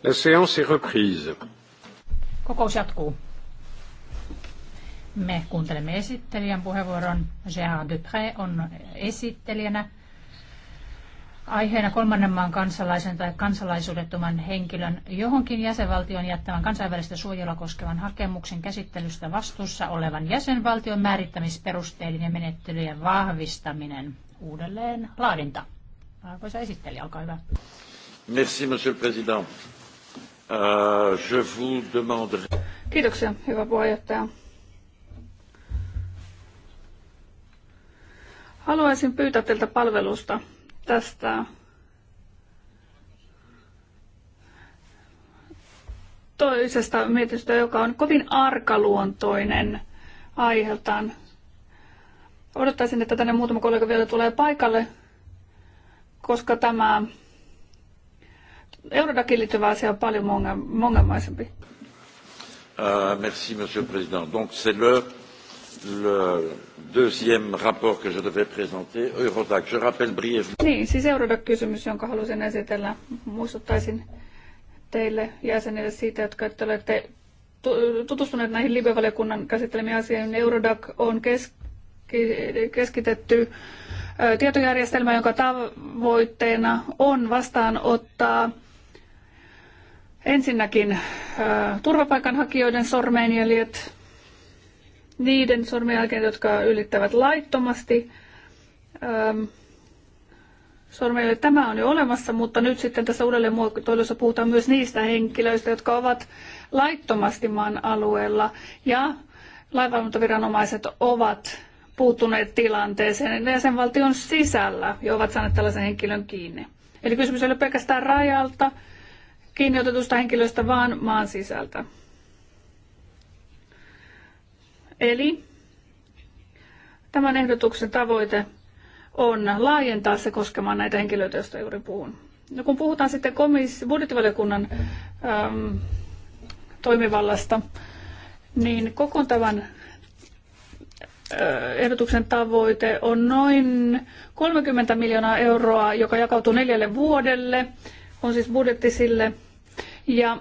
La séance est reprise. Kokous jatkuu. Me kuuntelemme esittelijän puheenvuoron. Jean Dupré on esittelijänä. Aiheena kolmannen maan kansalaisen tai kansalaisuudettoman henkilön johonkin jäsenvaltion jättävän kansainvälistä suojelua koskevan hakemuksen käsittelystä vastuussa olevan jäsenvaltion määrittämisperusteiden ja menettelyjen vahvistaminen uudelleen laadinta. Arvoisa esittelijä, olkaa hyvä. Merci, monsieur le président. Euh, Kiitoksia, hyvä puheenjohtaja. Haluaisin pyytää teiltä palvelusta tästä toisesta mietinnöstä, joka on kovin arkaluontoinen aiheeltaan. Odottaisin, että tänne muutama kollega vielä tulee paikalle, koska tämä Eurodakin liittyvä asia on paljon ongelmaisempi. Uh, merci, Monsieur le Président. Donc, c'est le, le deuxième rapport que je devais présenter, Eurodac. Je rappelle brièvement. Niin, siis Eurodac-kysymys, jonka halusin esitellä. Muistuttaisin teille jäsenille siitä, jotka ette olette tutustuneet näihin Libe-valiokunnan käsittelemiin asioihin. Eurodac on keski, keskitetty tietojärjestelmä, jonka tavoitteena on vastaanottaa Ensinnäkin turvapaikanhakijoiden sormenjäljet, niiden sormenjälkeen, jotka ylittävät laittomasti. Sormenjäljet tämä on jo olemassa, mutta nyt sitten tässä uudelleenmuotoilussa puhutaan myös niistä henkilöistä, jotka ovat laittomasti maan alueella ja laivanvalvontaviranomaiset ovat puuttuneet tilanteeseen jäsenvaltion sisällä ja ovat saaneet tällaisen henkilön kiinni. Eli kysymys ei ole pelkästään rajalta, kiinni otetusta henkilöstä, vaan maan sisältä. Eli tämän ehdotuksen tavoite on laajentaa se koskemaan näitä henkilöitä, joista juuri puhun. No kun puhutaan sitten komis- budjettivaliokunnan äm, toimivallasta, niin koko tämän äh, ehdotuksen tavoite on noin 30 miljoonaa euroa, joka jakautuu neljälle vuodelle. On siis budjetti sille ja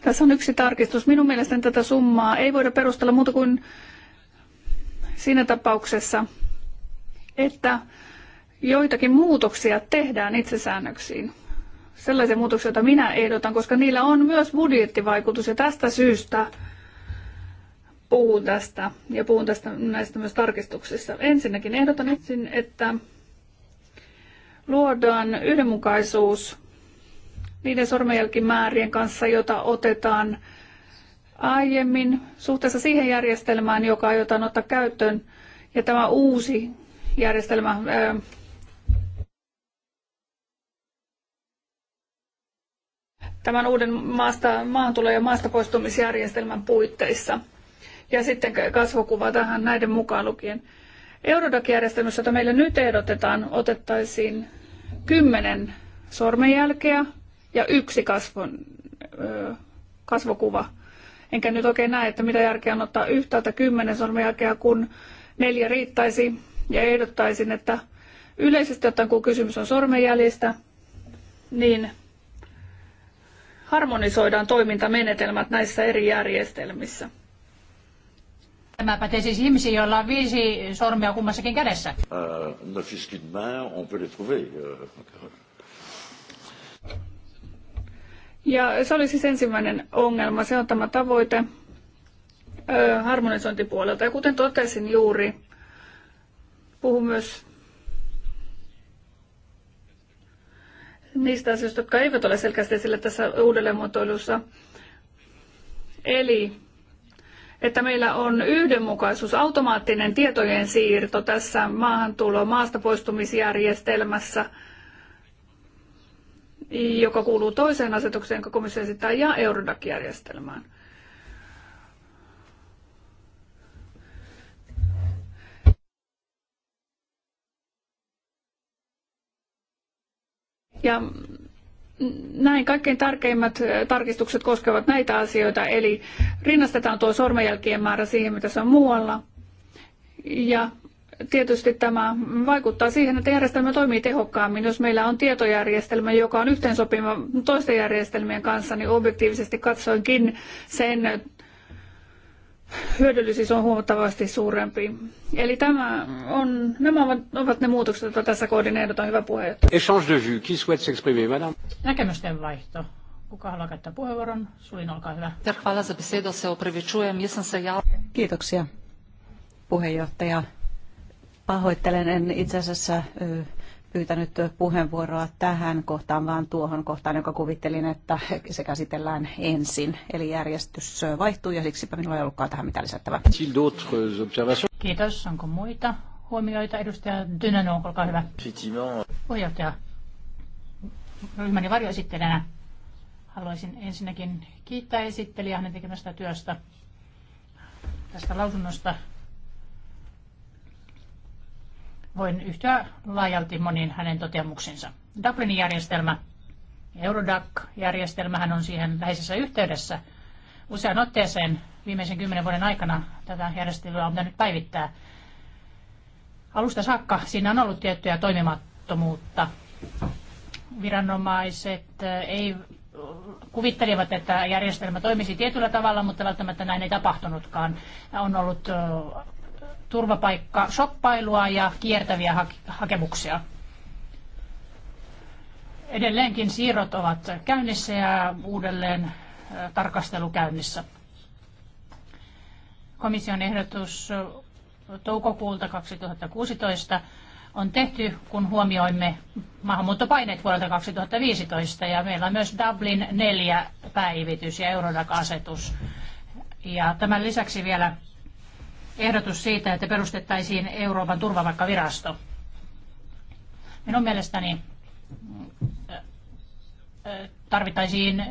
tässä on yksi tarkistus. Minun mielestäni tätä summaa ei voida perustella muuta kuin siinä tapauksessa, että joitakin muutoksia tehdään itsesäännöksiin. Sellaisia muutoksia, joita minä ehdotan, koska niillä on myös budjettivaikutus ja tästä syystä puhun tästä ja puhun tästä näistä myös tarkistuksissa. Ensinnäkin ehdotan ensin, että luodaan yhdenmukaisuus niiden sormenjälkimäärien kanssa, jota otetaan aiemmin suhteessa siihen järjestelmään, joka aiotaan ottaa käyttöön. Ja tämä uusi järjestelmä ää, tämän uuden maasta, maahantulo- ja maasta poistumisjärjestelmän puitteissa. Ja sitten kasvokuva tähän näiden mukaan lukien. Eurodac-järjestelmässä, jota meillä nyt ehdotetaan, otettaisiin kymmenen sormenjälkeä ja yksi kasvon, kasvokuva. Enkä nyt oikein näe, että mitä järkeä on ottaa yhtäältä kymmenen sormenjälkeä, kun neljä riittäisi. Ja ehdottaisin, että yleisesti ottaen kun kysymys on sormenjäljistä, niin harmonisoidaan toimintamenetelmät näissä eri järjestelmissä. Tämä pätee siis ihmisiin, joilla on viisi sormea kummassakin kädessä. Uh, ja se oli siis ensimmäinen ongelma, se on tämä tavoite ö, harmonisointipuolelta. Ja kuten totesin juuri, puhun myös niistä asioista, jotka eivät ole selkeästi esillä tässä uudelleenmuotoilussa. Eli että meillä on yhdenmukaisuus, automaattinen tietojen siirto tässä maahantulo, maasta poistumisjärjestelmässä – joka kuuluu toiseen asetukseen, jonka komissio esittää, ja Eurodac-järjestelmään. Ja näin kaikkein tärkeimmät tarkistukset koskevat näitä asioita, eli rinnastetaan tuo sormenjälkien määrä siihen, mitä se on muualla. Ja tietysti tämä vaikuttaa siihen, että järjestelmä toimii tehokkaammin. Jos meillä on tietojärjestelmä, joka on yhteensopiva toisten järjestelmien kanssa, niin objektiivisesti katsoinkin sen hyödyllisyys on huomattavasti suurempi. Eli tämä on, nämä ovat, ne muutokset, joita tässä kohdin ehdotan. Hyvä puheenjohtaja. Échange de vues. Qui souhaite s'exprimer, madame? Näkemysten vaihto. Kuka haluaa käyttää puheenvuoron? Sulin, olkaa hyvä. Hvala za se opravičujem. Jesam se ja... Kiitoksia, puheenjohtaja. Pahoittelen, en itse asiassa pyytänyt puheenvuoroa tähän kohtaan, vaan tuohon kohtaan, joka kuvittelin, että se käsitellään ensin. Eli järjestys vaihtuu ja siksipä minulla ei ollutkaan tähän mitään lisättävää. Kiitos. Onko muita huomioita? Edustaja Dynano, olkaa hyvä. Puheenjohtaja, ryhmäni varjoesittelijänä haluaisin ensinnäkin kiittää esittelijää hänen tekemästä työstä tästä lausunnosta Voin yhtyä laajalti moniin hänen toteamuksensa. Dublinin järjestelmä, Eurodac-järjestelmähän on siihen läheisessä yhteydessä. Usean otteeseen viimeisen kymmenen vuoden aikana tätä järjestelyä on pitänyt päivittää. Alusta saakka siinä on ollut tiettyä toimimattomuutta. Viranomaiset eh, ei kuvittelivat, että järjestelmä toimisi tietyllä tavalla, mutta välttämättä näin ei tapahtunutkaan. On ollut eh, turvapaikka shoppailua ja kiertäviä hakemuksia. Edelleenkin siirrot ovat käynnissä ja uudelleen tarkastelu käynnissä. Komission ehdotus toukokuulta 2016 on tehty, kun huomioimme maahanmuuttopaineet vuodelta 2015 ja meillä on myös Dublin 4 päivitys ja Eurodac-asetus. Ja tämän lisäksi vielä ehdotus siitä, että perustettaisiin Euroopan turvapaikkavirasto. Minun mielestäni äh, äh, tarvittaisiin äh,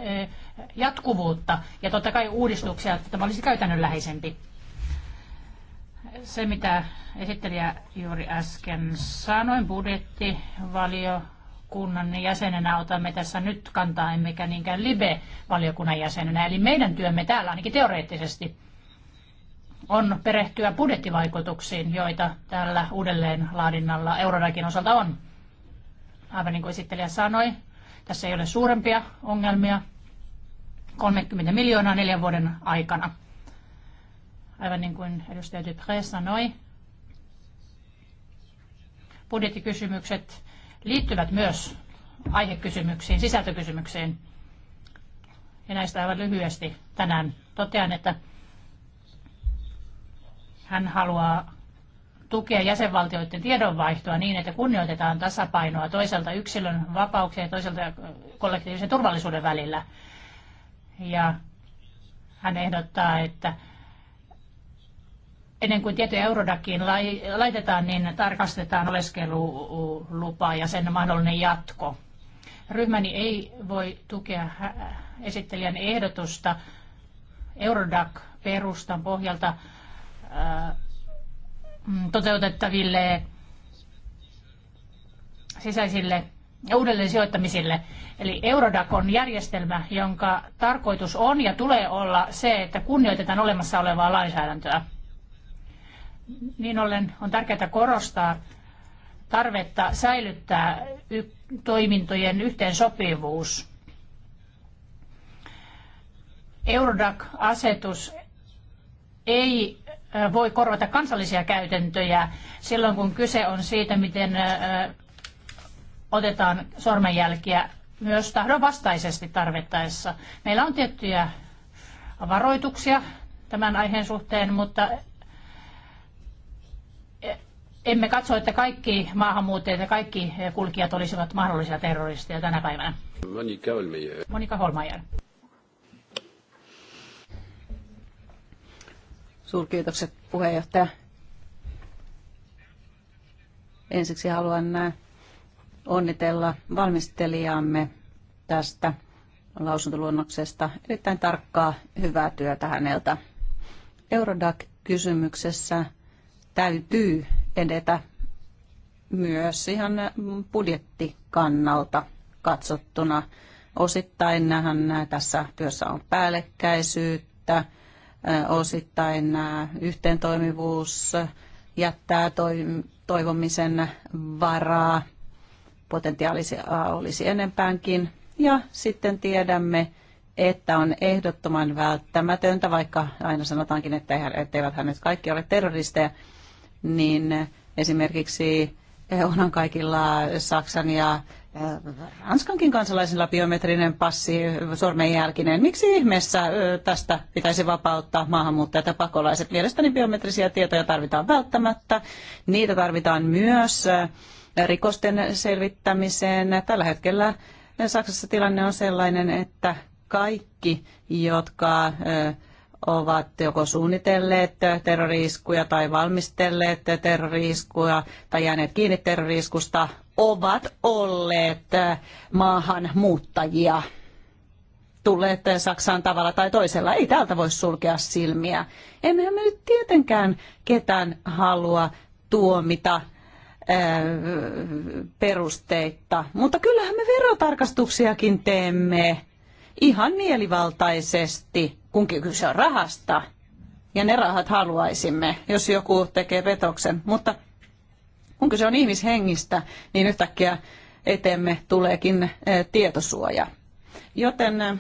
jatkuvuutta ja totta kai uudistuksia, että tämä olisi käytännönläheisempi. Se, mitä esittelijä juuri äsken sanoin, budjettivaliokunnan jäsenenä otamme tässä nyt kantaa, emmekä niinkään live-valiokunnan jäsenenä. Eli meidän työmme täällä ainakin teoreettisesti on perehtyä budjettivaikutuksiin, joita tällä uudelleenlaadinnalla Eurodakin osalta on. Aivan niin kuin esittelijä sanoi, tässä ei ole suurempia ongelmia. 30 miljoonaa neljän vuoden aikana. Aivan niin kuin edustaja Dupré sanoi, budjettikysymykset liittyvät myös aihekysymyksiin, sisältökysymyksiin. Ja näistä aivan lyhyesti tänään totean, että hän haluaa tukea jäsenvaltioiden tiedonvaihtoa niin, että kunnioitetaan tasapainoa toisaalta yksilön vapauksia ja toisaalta äh, kollektiivisen turvallisuuden välillä. Ja hän ehdottaa, että ennen kuin tietoja Eurodakiin laitetaan, niin tarkastetaan oleskelulupa ja sen mahdollinen jatko. Ryhmäni ei voi tukea äh, esittelijän ehdotusta Eurodac-perustan pohjalta Äh, toteutettaville sisäisille uudelleen sijoittamisille. Eli Eurodac on järjestelmä, jonka tarkoitus on ja tulee olla se, että kunnioitetaan olemassa olevaa lainsäädäntöä. Niin ollen on tärkeää korostaa tarvetta säilyttää toimintojen yhteensopivuus. Eurodac-asetus ei voi korvata kansallisia käytäntöjä silloin, kun kyse on siitä, miten otetaan sormenjälkiä myös tahdonvastaisesti tarvittaessa. Meillä on tiettyjä varoituksia tämän aiheen suhteen, mutta e, emme katso, että kaikki maahanmuuttajat ja kaikki kulkijat olisivat mahdollisia terroristeja tänä päivänä. Monika Holmeijer. Monika Suurkiitokset puheenjohtaja. Ensiksi haluan äh, onnitella valmistelijamme tästä lausuntoluonnoksesta. Erittäin tarkkaa, hyvää työtä häneltä. Eurodac-kysymyksessä täytyy edetä myös ihan äh, budjettikannalta katsottuna. Osittain nähän äh, tässä työssä on päällekkäisyyttä osittain yhteentoimivuus jättää toivomisen varaa. Potentiaalisia olisi enempäänkin. Ja sitten tiedämme, että on ehdottoman välttämätöntä, vaikka aina sanotaankin, että eivät hänet kaikki ole terroristeja, niin esimerkiksi eh, onhan kaikilla Saksan ja Äh, Ranskankin kansalaisilla biometrinen passi äh, sormenjälkinen. Miksi ihmeessä äh, tästä pitäisi vapauttaa maahanmuuttajat ja pakolaiset? Mielestäni biometrisiä tietoja tarvitaan välttämättä. Niitä tarvitaan myös rikosten selvittämiseen. Tällä hetkellä Saksassa tilanne on sellainen, että kaikki, jotka ovat joko suunnitelleet terroriiskuja tai valmistelleet terroriiskuja tai jääneet kiinni terroriiskusta, ovat olleet äh, maahanmuuttajia tulleet äh, Saksaan tavalla tai toisella. Ei täältä voi sulkea silmiä. Emmehän me nyt tietenkään ketään halua tuomita äh, perusteitta, mutta kyllähän me verotarkastuksiakin teemme ihan mielivaltaisesti, kun kyse on rahasta. Ja ne rahat haluaisimme, jos joku tekee petoksen. Mutta kun kyse on ihmishengistä, niin yhtäkkiä eteemme tuleekin eh, tietosuoja. Joten eh,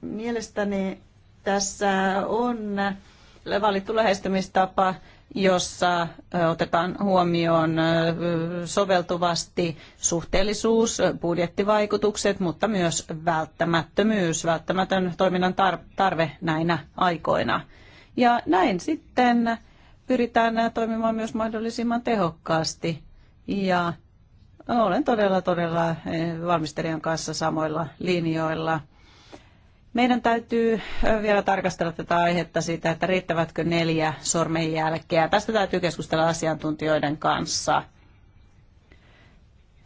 mielestäni tässä on valittu lähestymistapa, jossa eh, otetaan huomioon soveltuvasti suhteellisuus, budjettivaikutukset, mutta myös välttämättömyys, välttämätön toiminnan tarve näinä aikoina. Ja näin sitten pyritään toimimaan myös mahdollisimman tehokkaasti. Ja olen todella, todella eh, valmistelijan kanssa samoilla linjoilla. Meidän täytyy eh, vielä tarkastella tätä aihetta siitä, että riittävätkö neljä jälkeä. Tästä täytyy keskustella asiantuntijoiden kanssa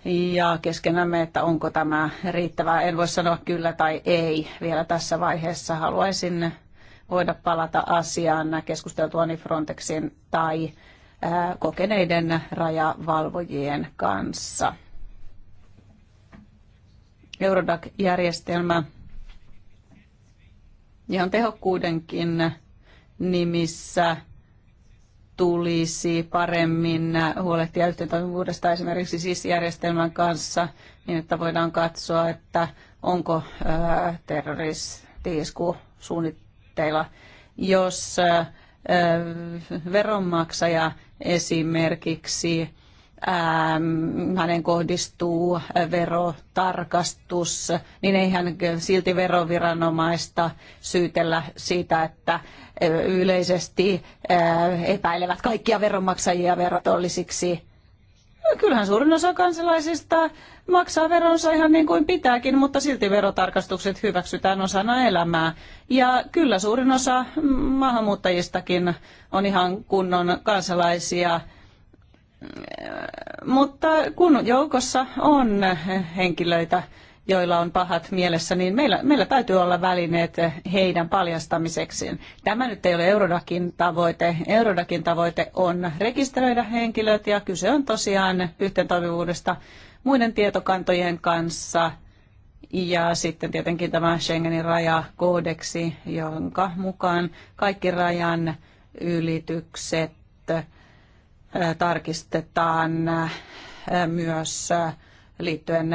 ja keskenämme, että onko tämä riittävää. En voi sanoa kyllä tai ei vielä tässä vaiheessa. Haluaisin voida palata asiaan keskusteltuani Frontexin tai kokeneiden rajavalvojien kanssa. Eurodac-järjestelmä ihan tehokkuudenkin nimissä tulisi paremmin huolehtia yhteentoimivuudesta esimerkiksi sis järjestelmän kanssa, niin että voidaan katsoa, että onko terroristiisku laitteilla, jos veronmaksaja esimerkiksi hänen kohdistuu verotarkastus, niin ei hän silti veroviranomaista syytellä siitä, että yleisesti epäilevät kaikkia veronmaksajia verotollisiksi No kyllähän suurin osa kansalaisista maksaa veronsa ihan niin kuin pitääkin, mutta silti verotarkastukset hyväksytään osana elämää. Ja kyllä suurin osa maahanmuuttajistakin on ihan kunnon kansalaisia. Mutta kun joukossa on henkilöitä, joilla on pahat mielessä, niin meillä, meillä täytyy olla välineet heidän paljastamisekseen. Tämä nyt ei ole Eurodakin tavoite. Eurodakin tavoite on rekisteröidä henkilöt ja kyse on tosiaan yhteentoimivuudesta muiden tietokantojen kanssa. Ja sitten tietenkin tämä Schengenin rajakoodeksi, jonka mukaan kaikki rajan ylitykset tarkistetaan myös liittyen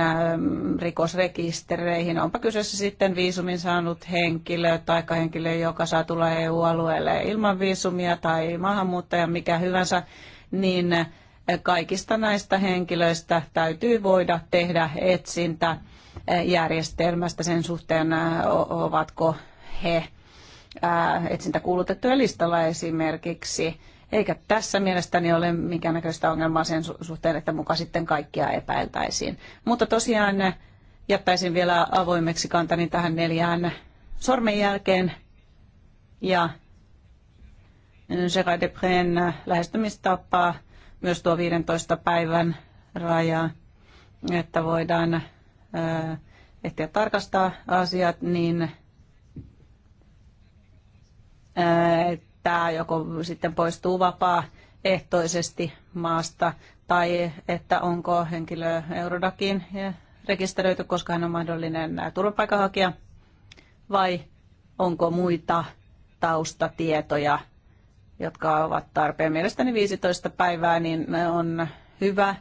rikosrekistereihin. Onpa kyseessä sitten viisumin saanut henkilö tai henkilö, joka saa tulla EU-alueelle ilman viisumia tai maahanmuuttaja, mikä hyvänsä, niin kaikista näistä henkilöistä täytyy voida tehdä etsintä järjestelmästä sen suhteen, ovatko he etsintäkuulutettuja listalla esimerkiksi eikä tässä mielestäni ole näköistä ongelmaa sen suhteen, että muka sitten kaikkia epäiltäisiin. Mutta tosiaan eh, jättäisin vielä avoimeksi kantani tähän neljään jälkeen ja mm, Gérard Depreen eh, lähestymistapaa, myös tuo 15 päivän raja, että voidaan eh, ehtiä tarkastaa asiat, niin että joko sitten poistuu vapaa ehtoisesti maasta tai että onko henkilö Eurodakin rekisteröity, koska hän on mahdollinen turvapaikanhakija vai onko muita taustatietoja, jotka ovat tarpeen. Mielestäni 15 päivää niin on hyvä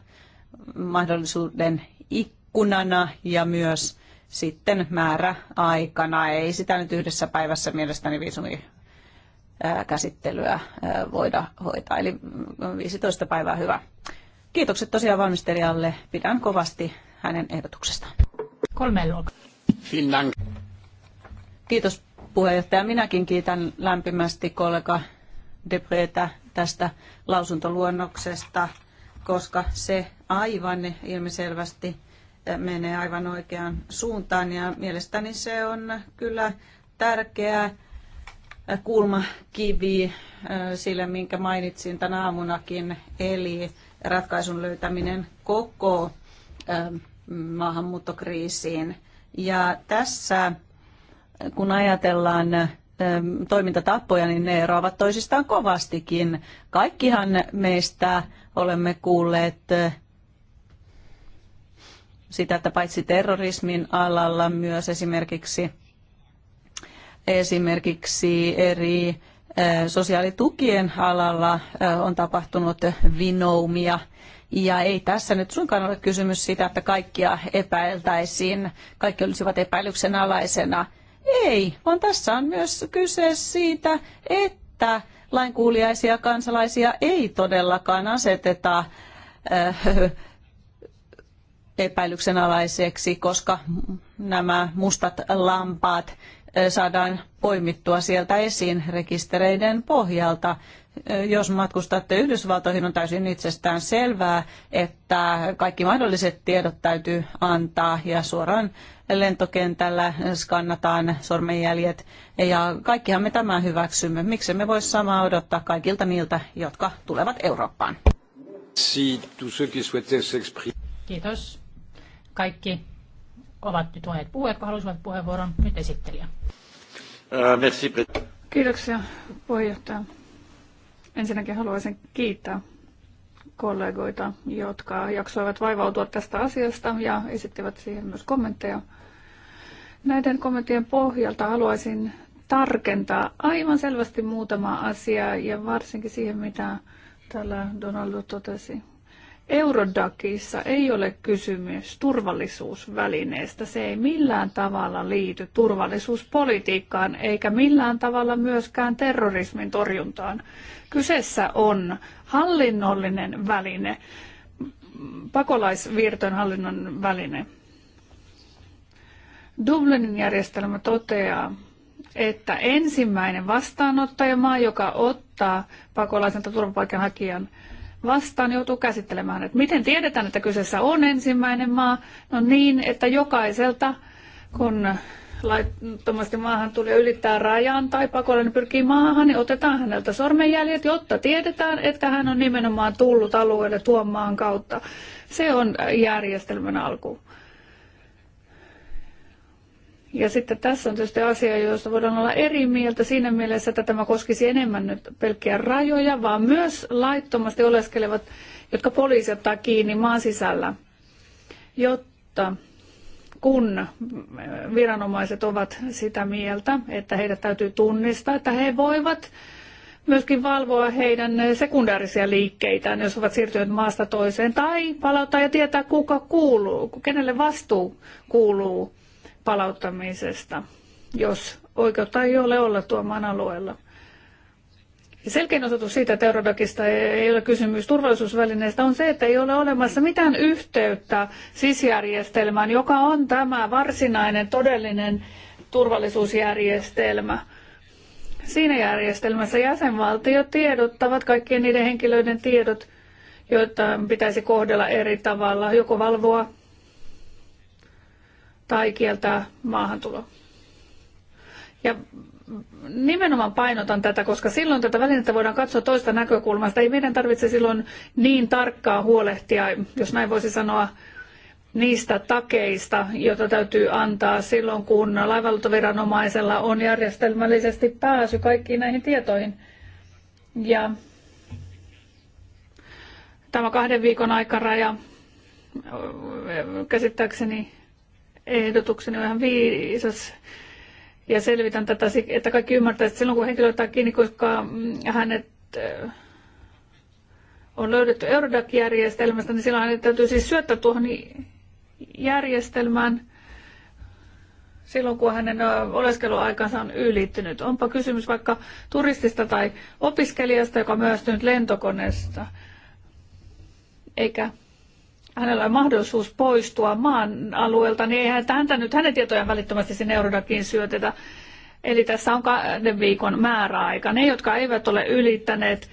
mahdollisuuden ikkunana ja myös sitten määrä aikana. Ei sitä nyt yhdessä päivässä mielestäni viisumi käsittelyä voida hoitaa. Eli 15 mm, päivää hyvä. Kiitokset tosiaan valmistelijalle. Pidän kovasti hänen ehdotuksestaan. Kolme Finland. Kiitos puheenjohtaja. Minäkin kiitän lämpimästi kollega Debreta tästä lausuntoluonnoksesta, koska se aivan ilmiselvästi menee aivan oikeaan suuntaan ja mielestäni se on kyllä tärkeää kulmakivi sille, minkä mainitsin tänä aamunakin, eli ratkaisun löytäminen koko maahanmuuttokriisiin. Ja tässä, kun ajatellaan toimintatapoja, niin ne eroavat toisistaan kovastikin. Kaikkihan meistä olemme kuulleet sitä, että paitsi terrorismin alalla myös esimerkiksi esimerkiksi eri eh, sosiaalitukien alalla eh, on tapahtunut vinoumia. Ja ei tässä nyt suinkaan ole kysymys siitä, että kaikkia epäiltäisiin, kaikki olisivat epäilyksen alaisena. Ei, vaan tässä on myös kyse siitä, että lainkuuliaisia kansalaisia ei todellakaan aseteta eh, epäilyksen alaiseksi, koska nämä mustat lampaat saadaan poimittua sieltä esiin rekistereiden pohjalta. Jos matkustatte Yhdysvaltoihin, on täysin itsestään selvää, että kaikki mahdolliset tiedot täytyy antaa ja suoraan lentokentällä skannataan sormenjäljet. Ja kaikkihan me tämän hyväksymme. Miksi me voisi samaa odottaa kaikilta niiltä, jotka tulevat Eurooppaan? Kiitos. Kaikki ovat nyt monet puhua, jotka halusivat puheenvuoron. Nyt esittelijä. Äh, merci. Kiitoksia puheenjohtaja. Ensinnäkin haluaisin kiittää kollegoita, jotka jaksoivat vaivautua tästä asiasta ja esittivät siihen myös kommentteja. Näiden kommenttien pohjalta haluaisin tarkentaa aivan selvästi muutama asia ja varsinkin siihen, mitä täällä Donaldo totesi Eurodakissa ei ole kysymys turvallisuusvälineestä. Se ei millään tavalla liity turvallisuuspolitiikkaan eikä millään tavalla myöskään terrorismin torjuntaan. Kyseessä on hallinnollinen väline, pakolaisvirtojen hallinnon väline. Dublinin järjestelmä toteaa, että ensimmäinen vastaanottajamaa, joka ottaa pakolaisen tai turvapaikanhakijan, hakijan vastaan, joutuu käsittelemään. Että miten tiedetään, että kyseessä on ensimmäinen maa? No niin, että jokaiselta, kun laittomasti maahan tuli ylittää rajan tai pakolainen pyrkii maahan, niin otetaan häneltä sormenjäljet, jotta tiedetään, että hän on nimenomaan tullut alueelle tuon maan kautta. Se on järjestelmän alku. Ja sitten tässä on tietysti asia, josta voidaan olla eri mieltä siinä mielessä, että tämä koskisi enemmän nyt pelkkiä rajoja, vaan myös laittomasti oleskelevat, jotka poliisi ottaa kiinni maan sisällä, jotta kun äh, viranomaiset ovat sitä mieltä, että heidät täytyy tunnistaa, että he voivat myöskin valvoa heidän sekundaarisia liikkeitään, jos ovat siirtyneet maasta toiseen, tai palauttaa ja tietää, kuka kuuluu, kenelle vastuu kuuluu palauttamisesta, jos oikeutta ei ole olla tuomaan alueella. Ja selkein osoitus siitä, että Eurodakista ei ole kysymys turvallisuusvälineestä, on se, että ei ole olemassa mitään yhteyttä sisjärjestelmään, joka on tämä varsinainen todellinen turvallisuusjärjestelmä. Siinä järjestelmässä jäsenvaltiot tiedottavat kaikkien niiden henkilöiden tiedot, joita pitäisi kohdella eri tavalla, joko valvoa tai kieltää maahantulo. Ja nimenomaan painotan tätä, koska silloin tätä välinettä voidaan katsoa toista näkökulmasta. Ei meidän tarvitse silloin niin tarkkaa huolehtia, jos näin voisi sanoa, niistä takeista, joita täytyy antaa silloin, kun laivalutoviranomaisella on järjestelmällisesti pääsy kaikkiin näihin tietoihin. Ja tämä kahden viikon aikaraja käsittääkseni ehdotukseni on ihan viisas ja selvitän tätä, että kaikki ymmärtävät, että silloin kun henkilö ottaa kiinni, koska mm, hänet äh, on löydetty Eurodac-järjestelmästä, niin silloin hänet täytyy siis syöttää tuohon järjestelmään silloin, kun hänen äh, oleskeluaikansa on ylittynyt. Onpa kysymys vaikka turistista tai opiskelijasta, joka on myöstynyt lentokoneesta, eikä hänellä on mahdollisuus poistua maan alueelta, niin eihän häntä nyt hänen tietojaan välittömästi sinne Eurodakiin syötetä. Eli tässä on kahden viikon määräaika. Ne, jotka eivät ole ylittäneet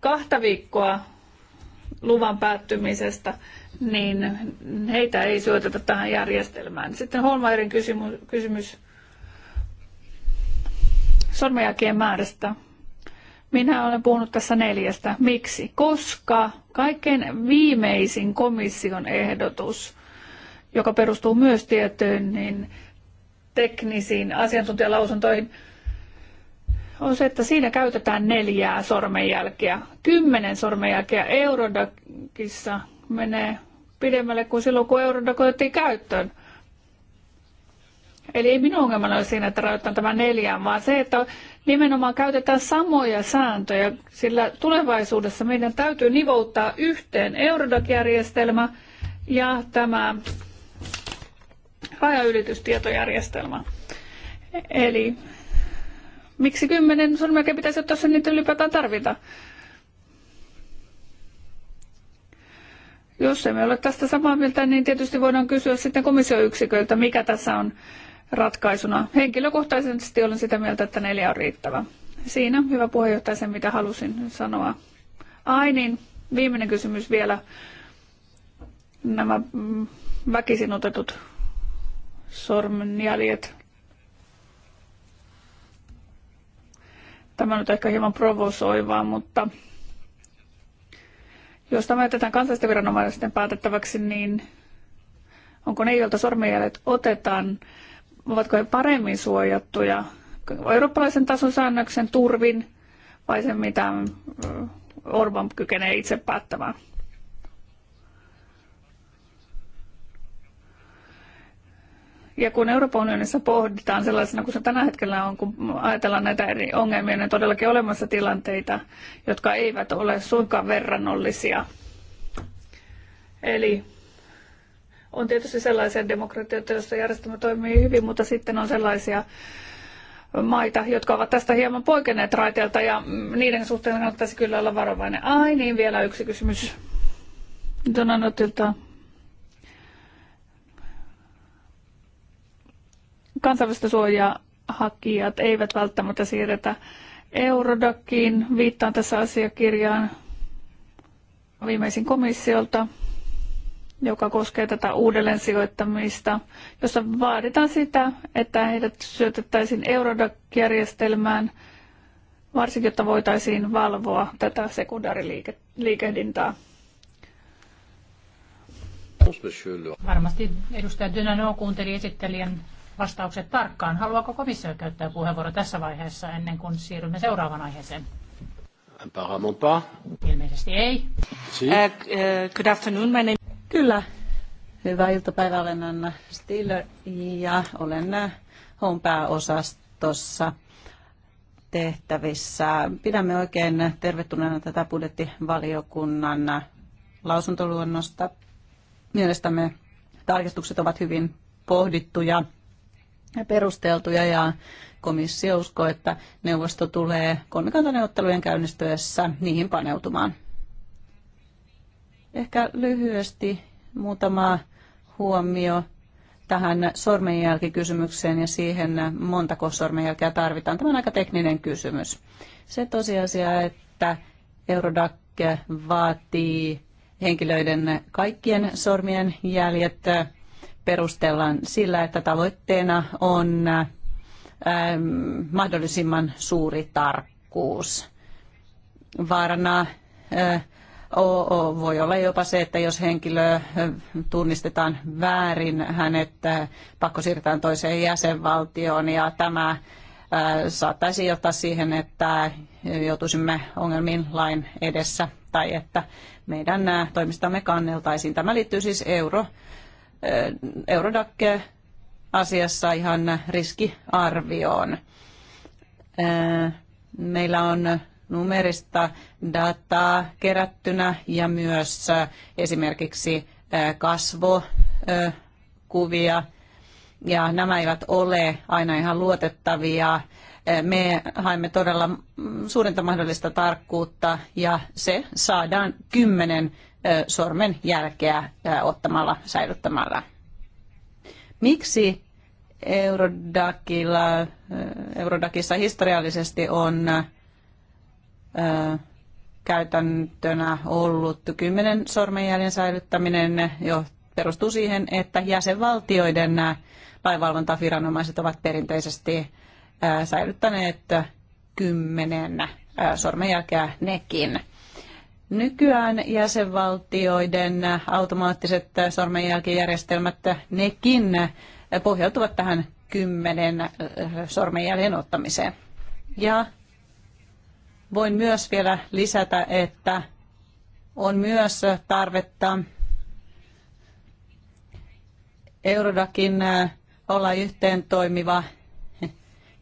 kahta viikkoa luvan päättymisestä, niin heitä ei syötetä tähän järjestelmään. Sitten Holmairin kysymys, kysymys sormenjälkien määrästä. Minä olen puhunut tässä neljästä. Miksi? Koska kaikkein viimeisin komission ehdotus, joka perustuu myös tiettyyn niin teknisiin asiantuntijalausuntoihin, on se, että siinä käytetään neljää sormenjälkeä. Kymmenen sormenjälkeä Eurodacissa menee pidemmälle kuin silloin, kun Eurodac otettiin käyttöön. Eli ei minun ongelmani ole siinä, että rajoitan tämän neljään, vaan se, että nimenomaan käytetään samoja sääntöjä, sillä tulevaisuudessa meidän täytyy nivouttaa yhteen Eurodac-järjestelmä ja tämä rajaylitystietojärjestelmä. Eli miksi kymmenen melkein pitäisi ottaa, sen niitä ylipäätään tarvita? Jos emme ole tästä samaa mieltä, niin tietysti voidaan kysyä sitten komissioyksiköiltä, mikä tässä on ratkaisuna. Henkilökohtaisesti olen sitä mieltä, että neljä on riittävä. Siinä, hyvä puheenjohtaja, sen mitä halusin sanoa. Ai niin, viimeinen kysymys vielä. Nämä mm, väkisin otetut sormenjäljet. Tämä nyt ehkä hieman provosoivaa, mutta jos tämä jätetään kansallisten viranomaisten päätettäväksi, niin onko ne, joilta sormenjäljet otetaan, ovatko he paremmin suojattuja eurooppalaisen tason säännöksen turvin vai sen, mitä Orban kykenee itse päättämään. Ja kun Euroopan unionissa pohditaan sellaisena kuin se tänä hetkellä on, kun ajatellaan näitä eri ongelmia, niin todellakin olemassa tilanteita, jotka eivät ole suinkaan verrannollisia. Eli on tietysti sellaisia demokratioita, joissa järjestelmä toimii hyvin, mutta sitten on sellaisia maita, jotka ovat tästä hieman poikenneet raiteelta ja niiden suhteen kannattaisi kyllä olla varovainen. Ai niin, vielä yksi kysymys. Donanotilta. Kansainvälistä suojaa hakijat eivät välttämättä siirretä Eurodakiin. Viittaan tässä asiakirjaan viimeisin komissiolta joka koskee tätä uudelleen sijoittamista, jossa vaaditaan sitä, että heidät syötettäisiin Eurodac-järjestelmään, varsinkin jotta voitaisiin valvoa tätä sekundaariliikehdintää. Varmasti edustaja Dynano kuunteli esittelijän vastaukset tarkkaan. Haluaako komissio käyttää puheenvuoro tässä vaiheessa ennen kuin siirrymme seuraavaan aiheeseen? Apparemment pas. Ilmeisesti ei. Si. Uh, uh good afternoon, my name Kyllä, hyvää iltapäivää, olen Anna Stiller ja olen äh, Home pääosastossa tehtävissä. Pidämme oikein tervetulleena tätä budjettivaliokunnan äh, lausuntoluonnosta. Mielestämme tarkistukset ovat hyvin pohdittuja ja perusteltuja ja komissio uskoo, että neuvosto tulee kolmikantaneuvottelujen käynnistyessä niihin paneutumaan. Ehkä lyhyesti muutama huomio tähän sormenjälkikysymykseen ja siihen, montako sormenjälkeä tarvitaan. Tämä on aika tekninen kysymys. Se tosiasia, että Eurodac vaatii henkilöiden kaikkien sormien jäljet perustellaan sillä, että tavoitteena on ähm, mahdollisimman suuri tarkkuus. Vaarana äh, voi olla jopa se, että jos henkilö tunnistetaan väärin, hänet pakko siirretään toiseen jäsenvaltioon ja tämä saattaisi johtaa siihen, että joutuisimme ongelmiin lain edessä tai että meidän toimistamme kanneltaisiin. Tämä liittyy siis euro, Eurodac asiassa ihan riskiarvioon. Meillä on numerista dataa kerättynä ja myös äh, esimerkiksi äh, kasvokuvia. Äh, ja nämä eivät ole aina ihan luotettavia. Me haemme todella mm, suurinta mahdollista tarkkuutta ja se saadaan kymmenen sormen jälkeä ottamalla säilyttämällä. Miksi Eurodakilla Eurodakissa historiallisesti on käytäntönä ollut kymmenen sormenjäljen säilyttäminen jo perustuu siihen, että jäsenvaltioiden lainvalvontaviranomaiset ovat perinteisesti säilyttäneet kymmenen sormenjälkeä nekin. Nykyään jäsenvaltioiden automaattiset sormenjälkijärjestelmät, nekin pohjautuvat tähän kymmenen sormenjäljen ottamiseen. Ja Voin myös vielä lisätä, että on myös tarvetta Eurodakin olla yhteen toimiva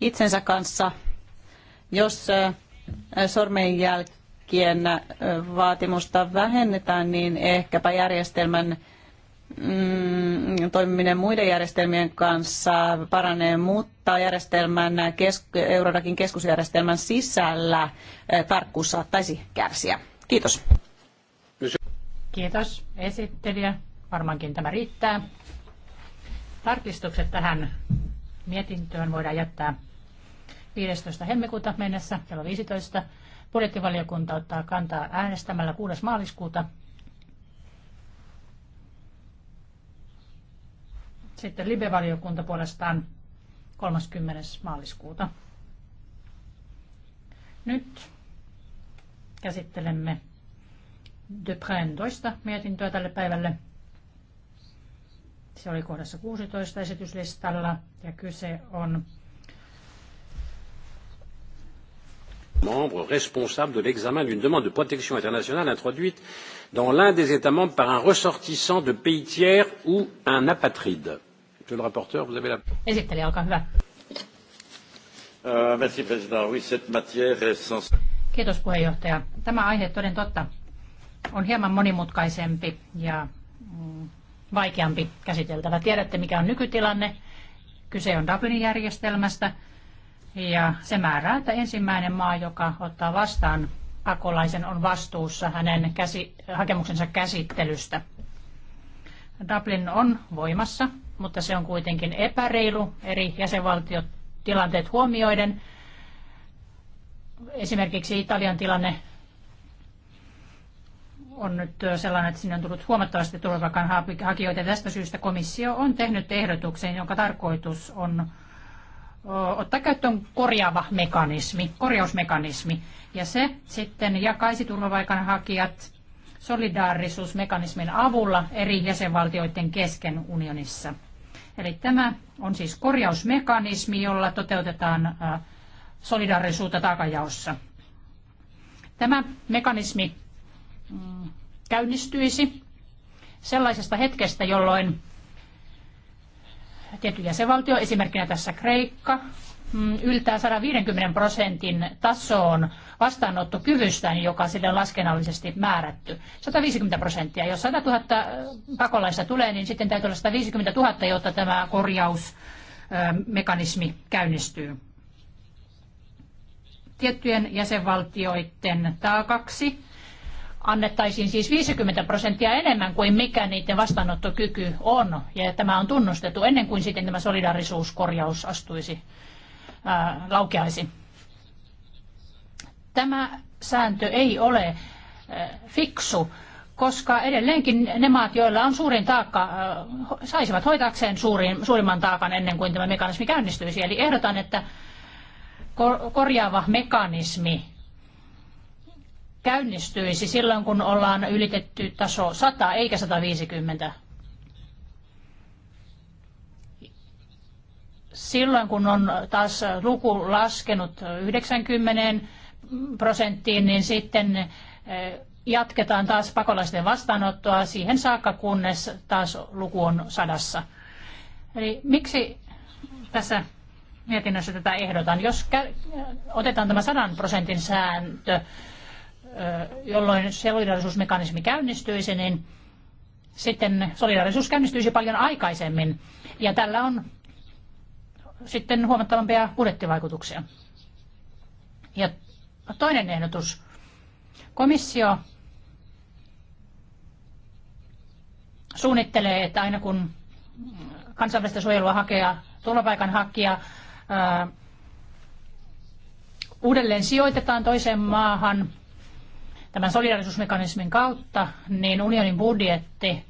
itsensä kanssa, jos sormenjälkien vaatimusta vähennetään, niin ehkäpä järjestelmän Mm, toimiminen muiden järjestelmien kanssa paranee, mutta järjestelmän kesk- Eurodakin keskusjärjestelmän sisällä eh, tarkkuus saattaisi kärsiä. Kiitos. Kiitos esittelijä. Varmaankin tämä riittää. Tarkistukset tähän mietintöön voidaan jättää 15. helmikuuta mennessä kello 15. Budjettivaliokunta ottaa kantaa äänestämällä 6. maaliskuuta Sitten Libe-valiokunta puolestaan 30. maaliskuuta. Nyt käsittelemme De Prenn toista mietintöä tälle päivälle. Se oli kohdassa 16 esityslistalla ja kyse on membre responsable de l'examen d'une demande de protection internationale introduite dans l'un des États membres par un ressortissant de pays tiers ou un apatride. Monsieur le rapporteur, vous avez la parole. Euh, Kiitos puheenjohtaja. Tämä aihe toden totta on hieman monimutkaisempi ja mm, vaikeampi käsiteltävä. Tiedätte, mikä on nykytilanne. Kyse on Dublinin järjestelmästä ja se määrää, että ensimmäinen maa, joka ottaa vastaan pakolaisen on vastuussa hänen käsi, hakemuksensa käsittelystä. Dublin on voimassa, mutta se on kuitenkin epäreilu eri jäsenvaltiot tilanteet huomioiden. Esimerkiksi Italian tilanne on nyt sellainen, että sinne on tullut huomattavasti turvapaikanhakijoita. Tästä syystä komissio on tehnyt ehdotuksen, jonka tarkoitus on ottaa käyttöön korjaava mekanismi, korjausmekanismi. Ja se sitten jakaisi turvapaikanhakijat solidaarisuusmekanismin avulla eri jäsenvaltioiden kesken unionissa. Eli tämä on siis korjausmekanismi, jolla toteutetaan solidaarisuutta taakajaossa. Tämä mekanismi mm, käynnistyisi sellaisesta hetkestä, jolloin tietty jäsenvaltio, esimerkkinä tässä Kreikka, mm, yltää 150 prosentin tasoon vastaanottokyvystään, joka sille on laskennallisesti määrätty. 150 prosenttia. Jos 100 000 äh, pakolaista tulee, niin sitten täytyy olla 150 000, jotta tämä korjausmekanismi äh, käynnistyy. Tiettyjen jäsenvaltioiden taakaksi annettaisiin siis 50 prosenttia enemmän kuin mikä niiden vastaanottokyky on. Ja tämä on tunnustettu ennen kuin sitten tämä solidarisuuskorjaus astuisi, ää, laukeaisi. Tämä sääntö ei ole ää, fiksu, koska edelleenkin ne maat, joilla on suurin taakka, ää, saisivat hoitakseen suurin, suurimman taakan ennen kuin tämä mekanismi käynnistyisi. Eli ehdotan, että korjaava mekanismi käynnistyisi silloin, kun ollaan ylitetty taso 100 eikä 150. Silloin, kun on taas luku laskenut 90 prosenttiin, niin sitten eh, jatketaan taas pakolaisten vastaanottoa siihen saakka, kunnes taas luku on sadassa. Eli miksi tässä mietinnössä tätä ehdotan? Jos otetaan tämä 100 prosentin sääntö jolloin solidarisuusmekanismi käynnistyisi, niin sitten solidarisuus käynnistyisi paljon aikaisemmin. Ja tällä on sitten huomattavampia budjettivaikutuksia. Ja toinen ehdotus. Komissio suunnittelee, että aina kun kansainvälistä suojelua hakea turvapaikanhakija hakija uudelleen sijoitetaan toiseen maahan, tämän solidarisuusmekanismin kautta, niin unionin budjetti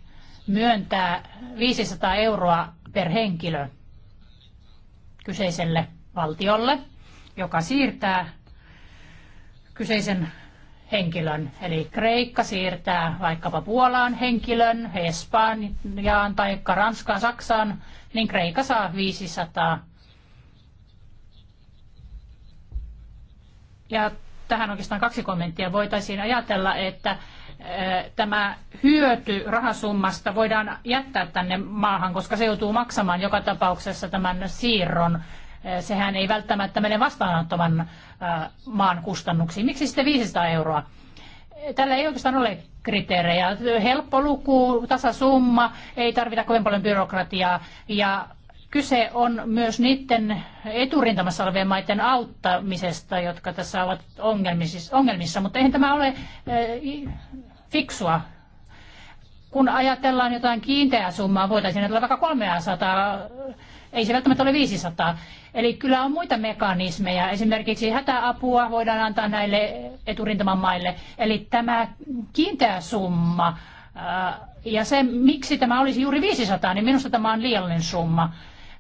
myöntää 500 euroa per henkilö kyseiselle valtiolle, joka siirtää kyseisen henkilön. Eli Kreikka siirtää vaikkapa Puolaan henkilön, Espanjaan tai Ranskaan, Saksaan, niin Kreikka saa 500. Ja tähän oikeastaan kaksi kommenttia. Voitaisiin ajatella, että tämä hyöty rahasummasta voidaan jättää tänne maahan, koska se joutuu maksamaan joka tapauksessa tämän siirron. Sehän ei välttämättä mene vastaanottavan maan kustannuksiin. Miksi sitten 500 euroa? Tällä ei oikeastaan ole kriteerejä. Helppo luku, tasasumma, ei tarvita kovin paljon byrokratiaa ja Kyse on myös niiden eturintamassa olevien maiden auttamisesta, jotka tässä ovat ongelmissa, mutta eihän tämä ole eh, fiksua. Kun ajatellaan jotain kiinteää summaa, voitaisiin ajatella vaikka 300, eh, ei se välttämättä ole 500. Eli kyllä on muita mekanismeja. Esimerkiksi hätäapua voidaan antaa näille eturintaman maille. Eli tämä kiinteä summa eh, ja se, miksi tämä olisi juuri 500, niin minusta tämä on liiallinen summa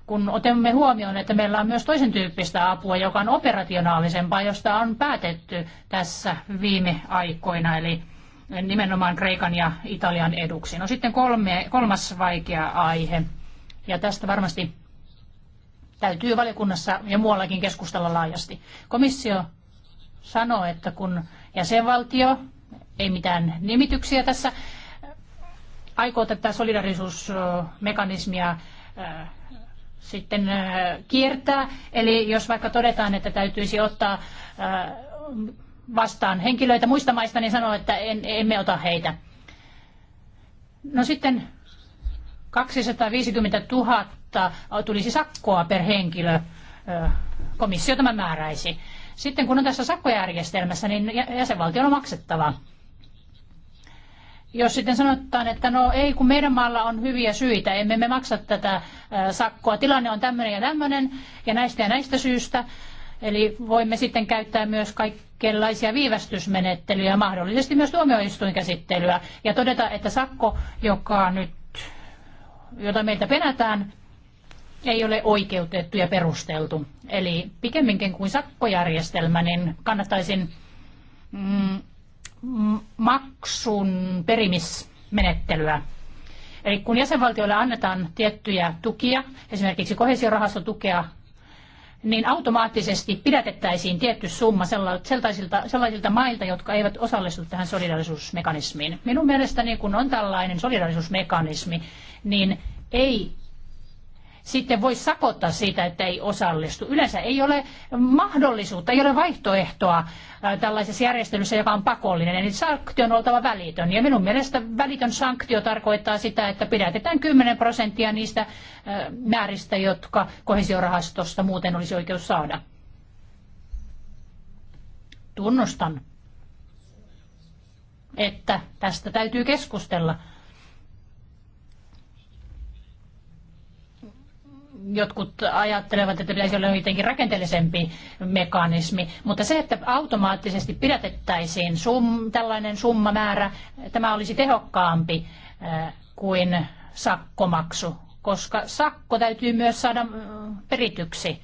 kun otamme huomioon, että meillä on myös toisen tyyppistä apua, joka on operationaalisempaa, josta on päätetty tässä viime aikoina, eli nimenomaan Kreikan ja Italian eduksi. No sitten kolme, kolmas vaikea aihe, ja tästä varmasti täytyy valiokunnassa ja muuallakin keskustella laajasti. Komissio sanoo, että kun jäsenvaltio, ei mitään nimityksiä tässä, aikoo tätä solidarisuusmekanismia sitten äh, kiertää. Eli jos vaikka todetaan, että täytyisi ottaa äh, vastaan henkilöitä muista maista, niin sanoo, että en, emme ota heitä. No sitten 250 000 tulisi sakkoa per henkilö. Äh, komissio tämä määräisi. Sitten kun on tässä sakkojärjestelmässä, niin jäsenvaltio on maksettava jos sitten sanotaan, että no ei kun meidän maalla on hyviä syitä, emme me maksa tätä sakkoa, tilanne on tämmöinen ja tämmöinen ja näistä ja näistä syystä, Eli voimme sitten käyttää myös kaikenlaisia viivästysmenettelyjä, mahdollisesti myös tuomioistuinkäsittelyä, ja todeta, että sakko, joka nyt, jota meiltä penätään, ei ole oikeutettu ja perusteltu. Eli pikemminkin kuin sakkojärjestelmä, niin kannattaisin mm, maksun perimismenettelyä. Eli kun jäsenvaltioille annetaan tiettyjä tukia, esimerkiksi kohesiorahastotukea, niin automaattisesti pidätettäisiin tietty summa sellaisilta, sellaisilta mailta, jotka eivät osallistu tähän solidarisuusmekanismiin. Minun mielestäni kun on tällainen solidarisuusmekanismi, niin ei sitten voi sakottaa siitä, että ei osallistu. Yleensä ei ole mahdollisuutta, ei ole vaihtoehtoa äh, tällaisessa järjestelyssä, joka on pakollinen. Eli sanktio on oltava välitön. Ja minun mielestä välitön sanktio tarkoittaa sitä, että pidätetään 10 prosenttia niistä äh, määristä, jotka kohesiorahastosta muuten olisi oikeus saada. Tunnustan, että tästä täytyy keskustella – jotkut ajattelevat, että pitäisi olla jotenkin rakenteellisempi mekanismi, mutta se, että automaattisesti pidätettäisiin sum, tällainen summamäärä, tämä olisi tehokkaampi äh, kuin sakkomaksu, koska sakko täytyy myös saada äh, perityksi.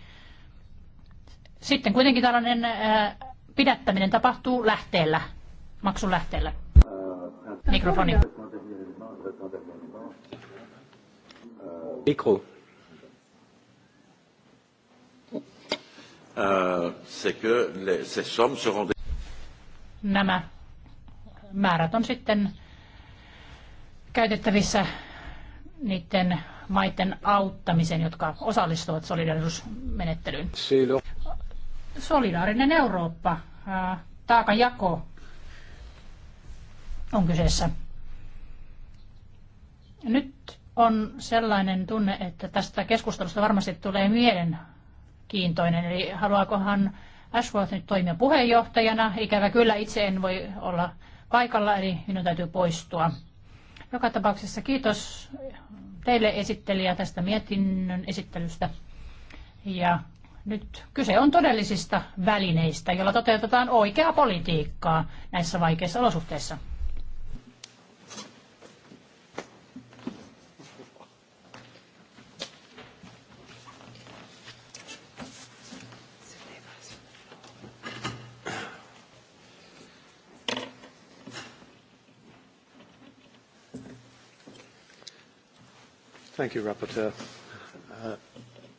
Sitten kuitenkin tällainen äh, pidättäminen tapahtuu lähteellä, maksun lähteellä. Mikrofoni. Mikro. Euh, Nämä määrät on sitten käytettävissä niiden maiden auttamisen, jotka osallistuvat solidaarisuusmenettelyyn. Solidaarinen Eurooppa, taakanjako on kyseessä. Nyt on sellainen tunne, että tästä keskustelusta varmasti tulee mielen mielenkiintoinen. Eli haluaakohan Ashworth nyt toimia puheenjohtajana? Ikävä kyllä itse en voi olla paikalla, eli minun täytyy poistua. Joka tapauksessa kiitos teille esittelijä tästä mietinnön esittelystä. Ja nyt kyse on todellisista välineistä, joilla toteutetaan oikeaa politiikkaa näissä vaikeissa olosuhteissa. Thank you, Rapporteur.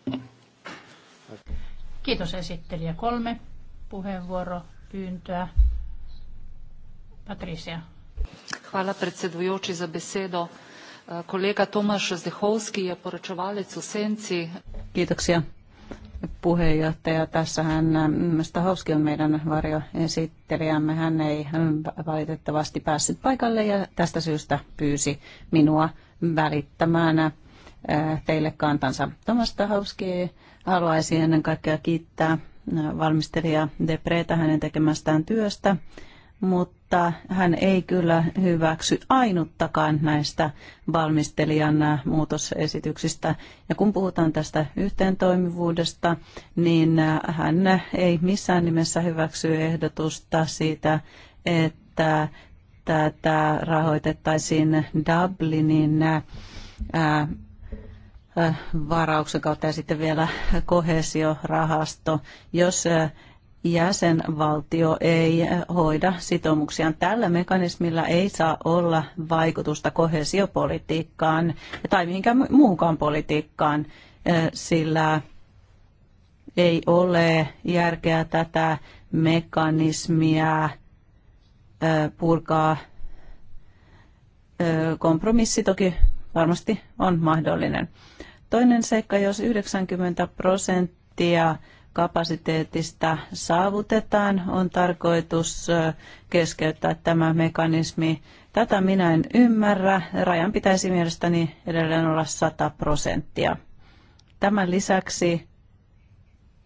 Uh, Kiitos esittelijä. Kolme puheenvuoropyyntöä. Patricia. Hvala predsedujoči za besedo. Uh, kolega Tomaš Zdehovski je poročevalec v Senci. Kiitoksia puheenjohtaja. Tässähän Stahovski ähm, on meidän varjoesittelijämme. Hän ei ähm, valitettavasti päässyt paikalle ja tästä syystä pyysi minua välittämään teille kantansa. Tomas Tahowski haluaisi ennen kaikkea kiittää valmistelija Depreta hänen tekemästään työstä, mutta hän ei kyllä hyväksy ainuttakaan näistä valmistelijan muutosesityksistä. Ja kun puhutaan tästä yhteentoimivuudesta, niin hän ei missään nimessä hyväksy ehdotusta siitä, että tätä rahoitettaisiin Dublinin varauksen kautta ja sitten vielä kohesiorahasto, jos jäsenvaltio ei hoida sitoumuksiaan. Tällä mekanismilla ei saa olla vaikutusta kohesiopolitiikkaan tai mihinkään muuhunkaan politiikkaan, sillä ei ole järkeä tätä mekanismia purkaa. Kompromissi toki varmasti on mahdollinen. Toinen seikka, jos 90 prosenttia kapasiteetista saavutetaan, on tarkoitus keskeyttää tämä mekanismi. Tätä minä en ymmärrä. Rajan pitäisi mielestäni edelleen olla 100 prosenttia. Tämän lisäksi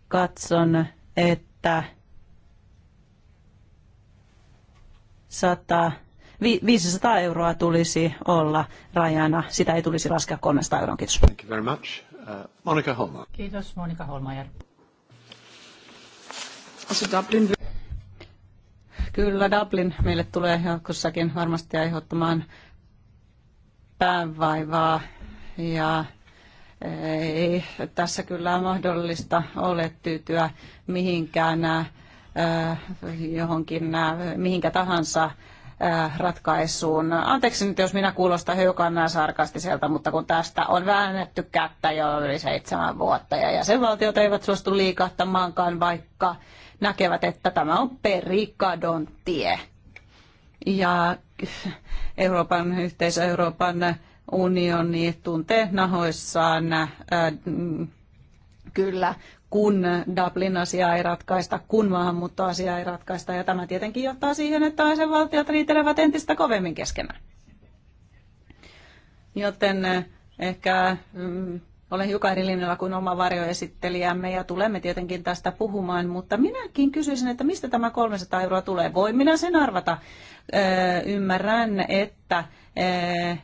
katson, että 100 500 euroa tulisi olla rajana. Sitä ei tulisi laskea 300 euroon. Kiitos. Thank you very much. Uh, Monika Holma. Kiitos Monika Holmajer. Kyllä Dublin meille tulee jatkossakin varmasti aiheuttamaan päänvaivaa ja eh, ei tässä kyllä mahdollista ole tyytyä mihinkään eh, johonkin eh, mihinkä tahansa Äh, ratkaisuun. Anteeksi nyt, jos minä kuulostan hiukan näin sarkastiselta, mutta kun tästä on väännetty kättä jo yli seitsemän vuotta ja jäsenvaltiot eivät suostu liikahtamaankaan, vaikka näkevät, että tämä on perikadon tie. Ja Euroopan yhteisö, Euroopan unioni tuntee nahoissaan äh, kyllä kun dublin asia ei ratkaista, kun maahanmuuttoasia ei ratkaista. Ja tämä tietenkin johtaa siihen, että valtiot riitelevät entistä kovemmin keskenään. Joten eh, ehkä mm, olen hiukan eri linjalla kuin oma varjoesittelijämme ja tulemme tietenkin tästä puhumaan, mutta minäkin kysyisin, että mistä tämä 300 euroa tulee. Voi minä sen arvata. Öö, ymmärrän, että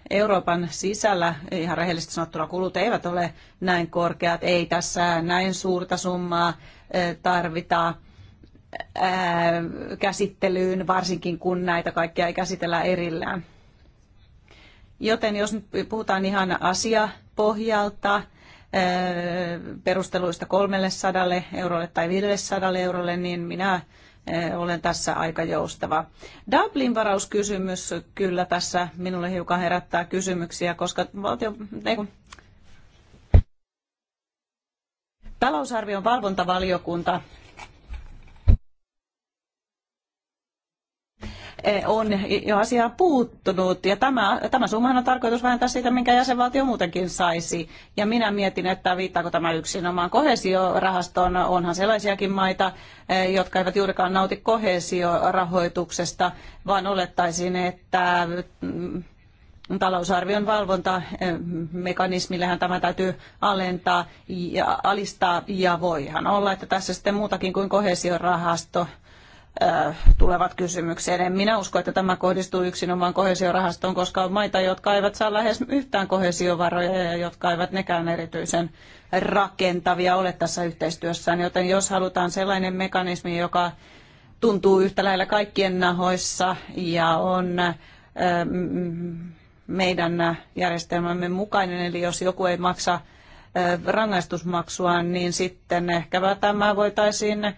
Euroopan sisällä, ihan rehellisesti sanottuna, kulut eivät ole näin korkeat. Ei tässä näin suurta summaa tarvita käsittelyyn, varsinkin kun näitä kaikkia ei käsitellä erillään. Joten jos nyt puhutaan ihan asiapohjalta, eh, perusteluista 300 eurolle tai 500 eurolle, niin minä eh, olen tässä aika joustava. Dublin-varauskysymys kyllä tässä minulle hiukan herättää kysymyksiä, koska valtio, ei kun, talousarvion valvontavaliokunta on jo asiaa puuttunut. Ja tämä, tämä summahan on tarkoitus vähentää siitä, minkä jäsenvaltio muutenkin saisi. Ja minä mietin, että viittaako tämä yksinomaan kohesiorahastoon. Onhan sellaisiakin maita, eh, jotka eivät juurikaan nauti kohesiorahoituksesta, vaan olettaisin, että mm, talousarvion valvontamekanismillehän eh, tämä täytyy alentaa ja alistaa ja voihan olla, että tässä sitten muutakin kuin kohesiorahasto tulevat kysymykseen. En minä usko, että tämä kohdistuu yksinomaan kohesiorahastoon, koska on maita, jotka eivät saa lähes yhtään kohesiovaroja ja jotka eivät nekään erityisen rakentavia ole tässä yhteistyössään. Joten jos halutaan sellainen mekanismi, joka tuntuu yhtä lailla kaikkien nahoissa ja on meidän järjestelmämme mukainen, eli jos joku ei maksa rangaistusmaksua, niin sitten ehkäpä tämä voitaisiin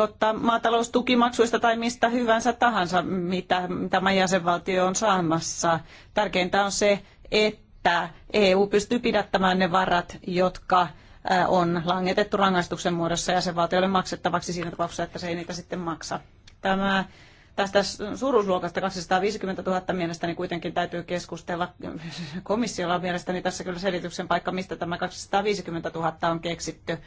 ottaa maataloustukimaksuista tai mistä hyvänsä tahansa, mitä tämä jäsenvaltio on saamassa. Tärkeintä on se, että EU pystyy pidättämään ne varat, jotka äh, on langetettu rangaistuksen muodossa jäsenvaltioille maksettavaksi siinä tapauksessa, että se ei niitä sitten maksa. Tämä tästä suuruusluokasta 250 000 mielestäni kuitenkin täytyy keskustella. Komissiolla on mielestäni tässä kyllä selityksen paikka, mistä tämä 250 000 on keksitty.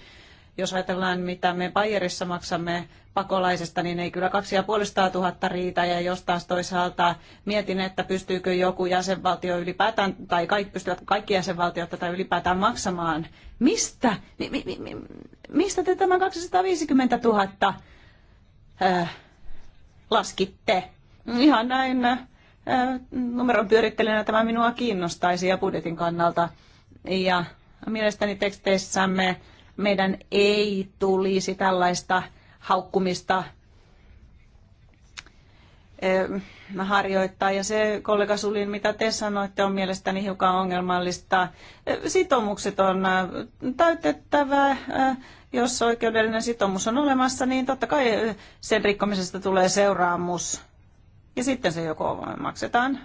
Jos ajatellaan, mitä me Bayerissa maksamme pakolaisesta, niin ei kyllä 2500 riitä. Ja jos taas toisaalta mietin, että pystyykö joku jäsenvaltio ylipäätään, tai kaikki, pystyvät kaikki jäsenvaltiot tätä ylipäätään maksamaan. Mistä? Mi, mi, mi, mistä te tämän 250 000 äh, laskitte? Ihan näin äh, numeron pyörittelijänä tämä minua kiinnostaisi ja budjetin kannalta. Ja mielestäni teksteissämme meidän ei tulisi tällaista haukkumista eh, harjoittaa. Ja se kollega Sulin, mitä te sanoitte, on mielestäni hiukan ongelmallista. Eh, sitoumukset on eh, täytettävä. Jos oikeudellinen sitoumus on olemassa, niin totta kai sen rikkomisesta tulee seuraamus ja sitten se joko maksetaan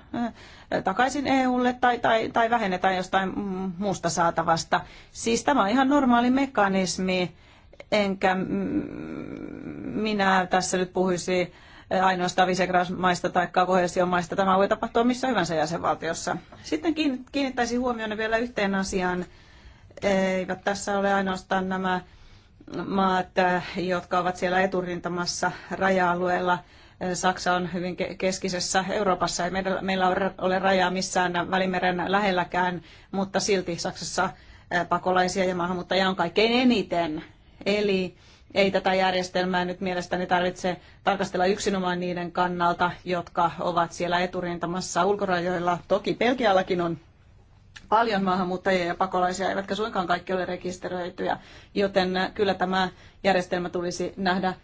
eh, takaisin EUlle tai, tai, tai vähennetään jostain muusta saatavasta. Siis tämä on ihan normaali mekanismi, enkä minä tässä nyt puhuisi eh, ainoastaan visegras maista tai kohesiomaista. Tämä voi tapahtua missä hyvänsä jäsenvaltiossa. Sitten kiinnittäisin huomioon vielä yhteen asiaan. Eivät tässä ole ainoastaan nämä maat, eh, jotka ovat siellä eturintamassa raja-alueella, Saksa on hyvin keskisessä Euroopassa. Ei meillä ole rajaa missään Välimeren lähelläkään, mutta silti Saksassa pakolaisia ja maahanmuuttajia on kaikkein eniten. Eli ei tätä järjestelmää nyt mielestäni tarvitse tarkastella yksinomaan niiden kannalta, jotka ovat siellä eturintamassa ulkorajoilla. Toki Belgiallakin on paljon maahanmuuttajia ja pakolaisia, eivätkä suinkaan kaikki ole rekisteröityjä, joten kyllä tämä järjestelmä tulisi nähdä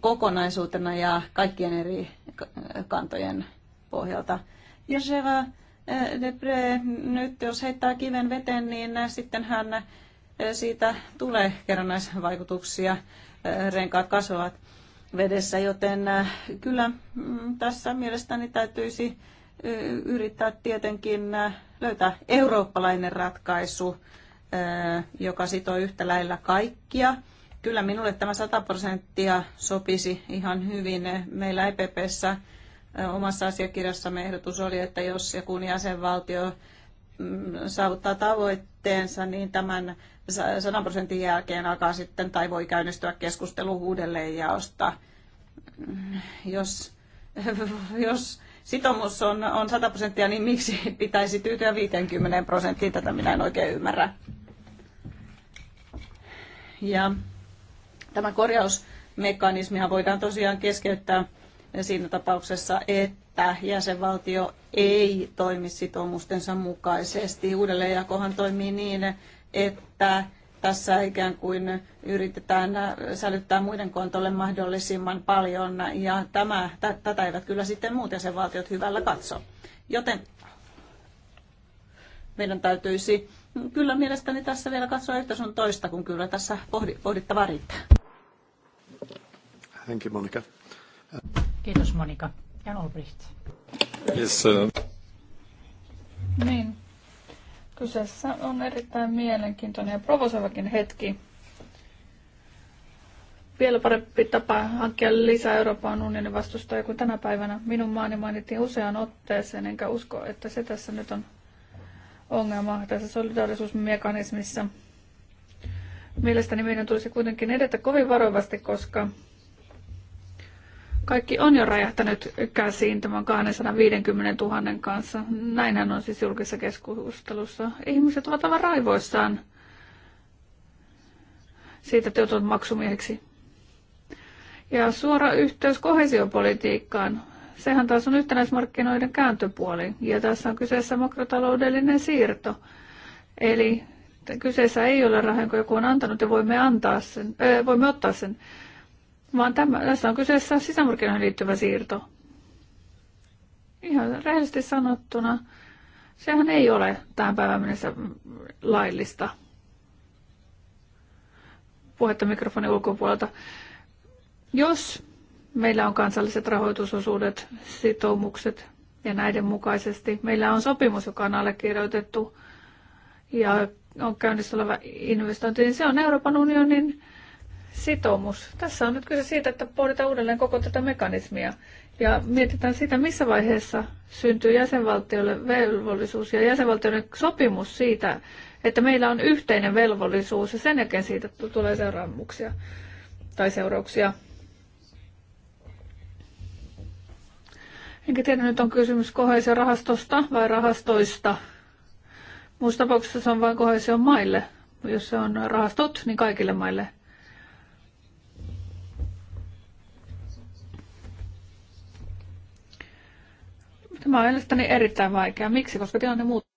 kokonaisuutena ja kaikkien eri kantojen pohjalta. Ja se eh, Debre, nyt jos heittää kiven veteen, niin eh, sittenhän eh, siitä tulee kerrannaisvaikutuksia, renkaat kasvavat vedessä, joten kyllä mm, tässä mielestäni täytyisi yrittää tietenkin löytää eurooppalainen ratkaisu, joka sitoo yhtä lailla kaikkia Kyllä minulle tämä 100 prosenttia sopisi ihan hyvin. Meillä EPPssä omassa asiakirjassamme ehdotus oli, että jos ja kun jäsenvaltio mm, saavuttaa tavoitteensa, niin tämän 100 prosentin jälkeen alkaa sitten tai voi käynnistyä keskustelu uudelleenjaosta. Mm, jos, jos sitomus on, on 100 prosenttia, niin miksi pitäisi tyytyä 50 prosenttiin? Tätä minä en oikein ymmärrä. Ja Tämä korjausmekanismihan voidaan tosiaan keskeyttää siinä tapauksessa, että jäsenvaltio ei toimi sitoumustensa mukaisesti. Uudelleenjakohan toimii niin, että tässä ikään kuin yritetään sälyttää muiden kontolle mahdollisimman paljon, ja tämä, tätä eivät kyllä sitten muut jäsenvaltiot hyvällä katso. Joten meidän täytyisi kyllä mielestäni tässä vielä katsoa yhtä sun toista, kun kyllä tässä pohdittavaa riittää. Thank you, Monica. Kiitos Monika. Jan Olbricht. Yes, uh... Niin. Kyseessä on erittäin mielenkiintoinen ja provosoivakin hetki. Vielä parempi tapa hankkia lisää Euroopan unionin vastustajia kuin tänä päivänä. Minun maani mainittiin useaan otteeseen, enkä usko, että se tässä nyt on ongelma tässä solidaarisuusmekanismissa. Mielestäni meidän tulisi kuitenkin edetä kovin varovasti, koska kaikki on jo räjähtänyt käsiin tämän 250 000 kanssa. Näinhän on siis julkisessa keskustelussa. Ihmiset ovat aivan raivoissaan siitä, että joutuvat maksumieheksi. Ja suora yhteys kohesiopolitiikkaan. Sehän taas on yhtenäismarkkinoiden kääntöpuoli. Ja tässä on kyseessä makrotaloudellinen siirto. Eli kyseessä ei ole raha, jonka joku on antanut ja voimme, antaa sen, äh, voimme ottaa sen vaan tämä, tässä on kyseessä sisämarkkinoihin liittyvä siirto. Ihan rehellisesti sanottuna, sehän ei ole tämän päivän mennessä laillista. Puhetta mikrofonin ulkopuolelta. Jos meillä on kansalliset rahoitusosuudet, sitoumukset ja näiden mukaisesti, meillä on sopimus, joka on allekirjoitettu ja on käynnissä oleva investointi, niin se on Euroopan unionin sitoumus. Tässä on nyt kyse siitä, että pohditaan uudelleen koko tätä mekanismia ja mietitään sitä, missä vaiheessa syntyy jäsenvaltioille velvollisuus ja jäsenvaltioiden sopimus siitä, että meillä on yhteinen velvollisuus ja sen jälkeen siitä tulee seuraamuksia tai seurauksia. Enkä tiedä, nyt on kysymys kohesiorahastosta vai rahastoista. Muussa tapauksessa se on vain kohesion maille. Jos se on rahastot, niin kaikille maille. Tämä on mielestäni erittäin vaikea. Miksi? Koska tilanne muuttuu.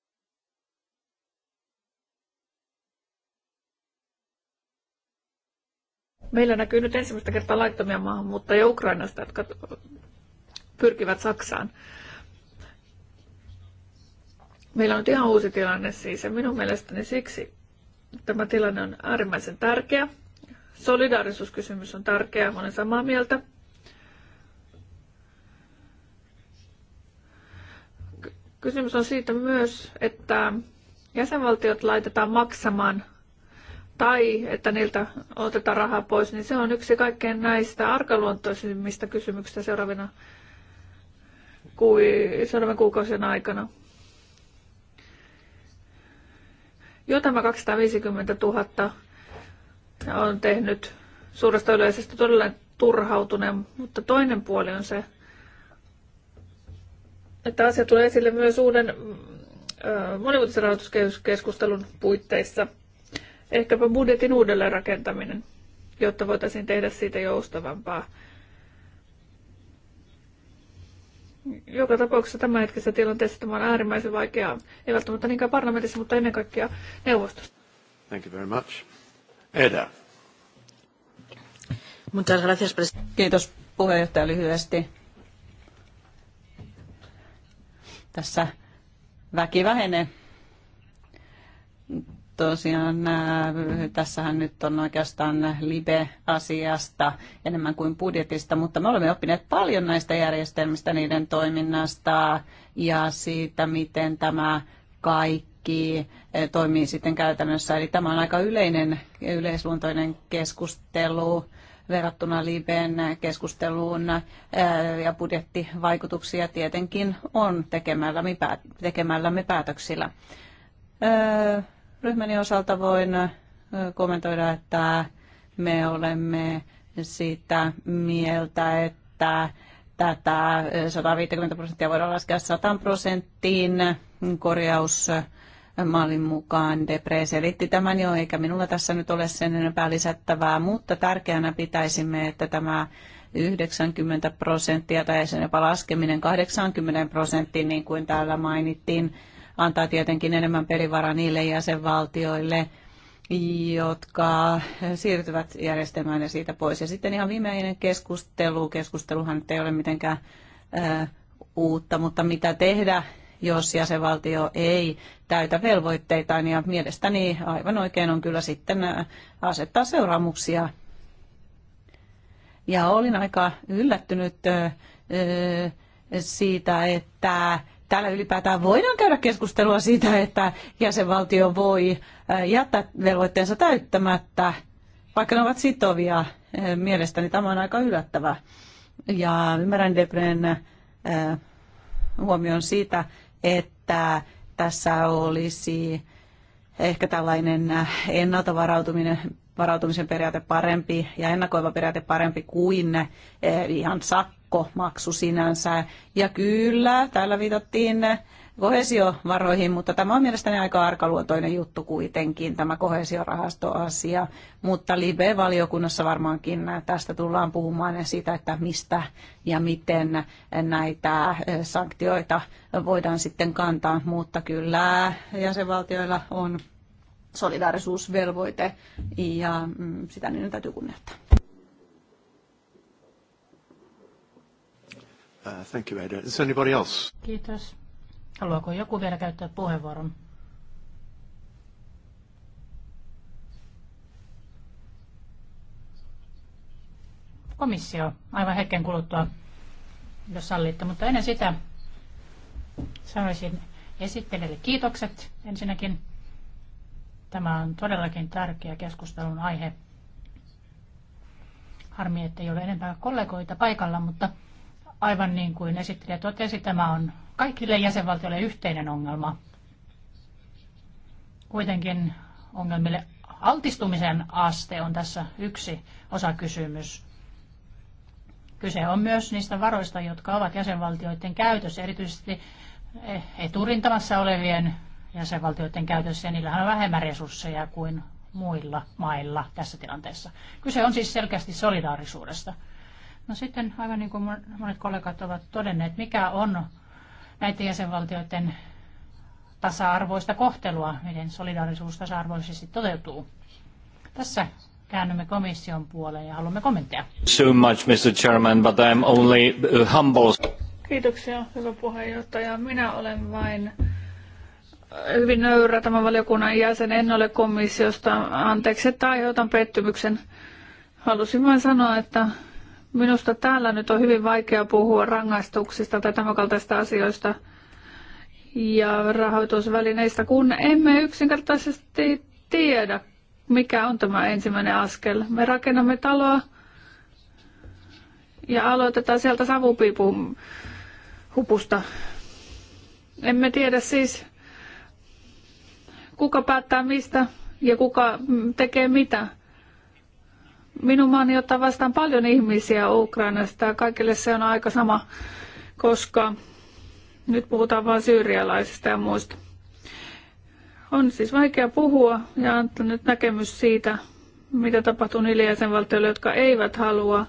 Meillä näkyy nyt ensimmäistä kertaa laittomia maahanmuuttajia Ukrainasta, jotka pyrkivät Saksaan. Meillä on nyt ihan uusi tilanne siis ja minun mielestäni siksi tämä tilanne on äärimmäisen tärkeä. Solidaarisuuskysymys on tärkeä, olen samaa mieltä. Kysymys on siitä myös, että jäsenvaltiot laitetaan maksamaan tai että niiltä otetaan rahaa pois, niin se on yksi kaikkein näistä arkaluontoisimmista kysymyksistä seuraavina seuraavan kuukausien aikana. Jo tämä 250 000 on tehnyt suuresta yleisestä todella turhautuneen, mutta toinen puoli on se, että asia tulee esille myös uuden monivuotisen rahoituskeskustelun puitteissa. Ehkäpä budjetin uudelleenrakentaminen, jotta voitaisiin tehdä siitä joustavampaa. Joka tapauksessa hetkessä tilanteessa tämä on äärimmäisen vaikeaa, ei välttämättä niinkään parlamentissa, mutta ennen kaikkea neuvostossa. Thank you very much. Eda. Muchas gracias, Kiitos puheenjohtaja lyhyesti tässä väki vähenee. Tosiaan äh, tässähän nyt on oikeastaan live-asiasta enemmän kuin budjetista, mutta me olemme oppineet paljon näistä järjestelmistä, niiden toiminnasta ja siitä, miten tämä kaikki äh, toimii sitten käytännössä. Eli tämä on aika yleinen, yleisluontoinen keskustelu verrattuna Liben keskusteluun ja budjettivaikutuksia tietenkin on tekemällämme, päät- tekemällämme päätöksillä. Ryhmäni osalta voin kommentoida, että me olemme sitä mieltä, että tätä 150 prosenttia voidaan laskea 100 prosenttiin korjaus mallin mukaan. Depre selitti tämän jo, eikä minulla tässä nyt ole sen enempää lisättävää, mutta tärkeänä pitäisimme, että tämä 90 prosenttia tai sen jopa laskeminen 80 prosenttiin, niin kuin täällä mainittiin, antaa tietenkin enemmän pelivaraa niille jäsenvaltioille, jotka siirtyvät järjestelmään ja siitä pois. Ja sitten ihan viimeinen keskustelu. Keskusteluhan nyt ei ole mitenkään ää, uutta, mutta mitä tehdä jos jäsenvaltio ei täytä velvoitteitaan. Ja mielestäni aivan oikein on kyllä sitten äh, asettaa seuraamuksia. Ja olin aika yllättynyt äh, äh, siitä, että täällä ylipäätään voidaan käydä keskustelua siitä, että jäsenvaltio voi jättää velvoitteensa täyttämättä, vaikka ne ovat sitovia. Mielestäni tämä on aika yllättävää. Ja ymmärrän Debren huomioon siitä, että tässä olisi ehkä tällainen ennalta varautuminen, varautumisen periaate parempi ja ennakoiva periaate parempi kuin eh, ihan sakkomaksu sinänsä. Ja kyllä, täällä viitattiin kohesiovaroihin, mutta tämä on mielestäni aika arkaluontoinen juttu kuitenkin, tämä kohesiorahastoasia. Mutta Libe-valiokunnassa varmaankin tästä tullaan puhumaan ja siitä, että mistä ja miten näitä sanktioita voidaan sitten kantaa. Mutta kyllä jäsenvaltioilla on solidaarisuusvelvoite ja mm, sitä niiden täytyy kunnioittaa. Uh, thank you, Ada. Is anybody else? Kiitos. Haluaako joku vielä käyttää puheenvuoron? Komissio aivan hetken kuluttua, jos sallitte. Mutta ennen sitä sanoisin esittelijälle kiitokset ensinnäkin. Tämä on todellakin tärkeä keskustelun aihe. Harmi, että ei ole enempää kollegoita paikalla, mutta aivan niin kuin esittelijä totesi, tämä on kaikille jäsenvaltioille yhteinen ongelma. Kuitenkin ongelmille altistumisen aste on tässä yksi osakysymys. Kyse on myös niistä varoista, jotka ovat jäsenvaltioiden käytössä, erityisesti eturintamassa olevien jäsenvaltioiden käytössä, ja niillähän on vähemmän resursseja kuin muilla mailla tässä tilanteessa. Kyse on siis selkeästi solidaarisuudesta. No sitten, aivan niin kuin monet kollegat ovat todenneet, mikä on näiden jäsenvaltioiden tasa-arvoista kohtelua, miten solidaarisuus tasa-arvoisesti toteutuu. Tässä käännymme komission puoleen ja haluamme kommentteja. So much, Mr. Chairman, but I'm only uh, humble. Kiitoksia, hyvä puheenjohtaja. Minä olen vain äh, hyvin nöyrä tämän valiokunnan jäsen. En ole komissiosta. Anteeksi, että aiheutan pettymyksen. Halusin vain sanoa, että Minusta täällä nyt on hyvin vaikea puhua rangaistuksista tai tämänkaltaista asioista ja rahoitusvälineistä, kun emme yksinkertaisesti tiedä, mikä on tämä ensimmäinen askel. Me rakennamme taloa ja aloitetaan sieltä savupiipun hupusta. Emme tiedä siis, kuka päättää mistä ja kuka tekee mitä. Minun maani ottaa vastaan paljon ihmisiä Ukrainasta. Kaikille se on aika sama, koska nyt puhutaan vain syyrialaisista ja muista. On siis vaikea puhua ja antaa nyt näkemys siitä, mitä tapahtuu niille jäsenvaltioille, jotka eivät halua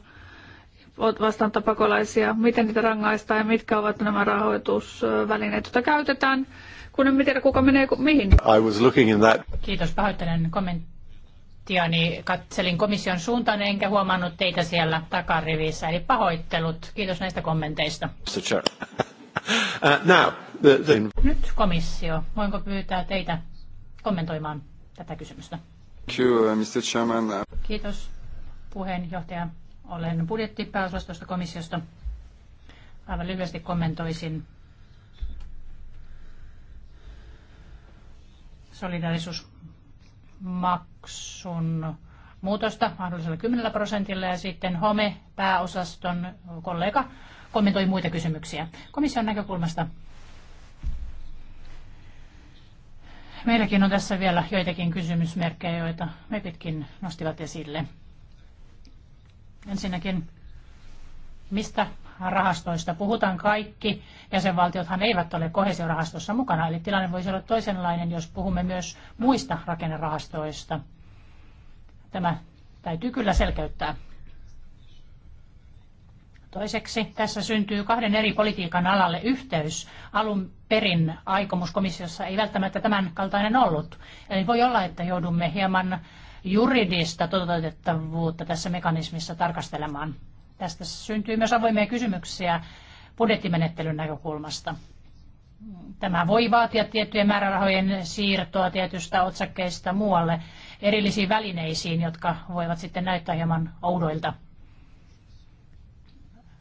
vastaanottaa pakolaisia, miten niitä rangaistaan ja mitkä ovat nämä rahoitusvälineet, joita käytetään, kun emme tiedä kuka menee mihin. I was looking in that. Kiitos, pahoittelen kommentti raporttiani katselin komission suuntaan enkä huomannut teitä siellä takarivissä, eli pahoittelut. Kiitos näistä kommenteista. Uh, Nyt komissio. Voinko pyytää teitä kommentoimaan tätä kysymystä? Uh, uh, Kiitos puheenjohtaja. Olen budjettipääosastosta komissiosta. Aivan lyhyesti kommentoisin solidarisuus maksun muutosta mahdollisella 10 prosentilla ja sitten home pääosaston kollega kommentoi muita kysymyksiä komission näkökulmasta. Meilläkin on tässä vielä joitakin kysymysmerkkejä, joita MEPitkin nostivat esille. Ensinnäkin, mistä rahastoista puhutaan kaikki. Jäsenvaltiothan eivät ole kohesiorahastossa mukana, eli tilanne voisi olla toisenlainen, jos puhumme myös muista rakennerahastoista. Tämä täytyy kyllä selkeyttää. Toiseksi tässä syntyy kahden eri politiikan alalle yhteys. Alun perin aikomuskomissiossa ei välttämättä tämän kaltainen ollut. Eli voi olla, että joudumme hieman juridista toteutettavuutta tässä mekanismissa tarkastelemaan. Tästä syntyy myös avoimia kysymyksiä budjettimenettelyn näkökulmasta. Tämä voi vaatia tiettyjen määrärahojen siirtoa tietystä otsakkeista muualle erillisiin välineisiin, jotka voivat sitten näyttää hieman oudoilta.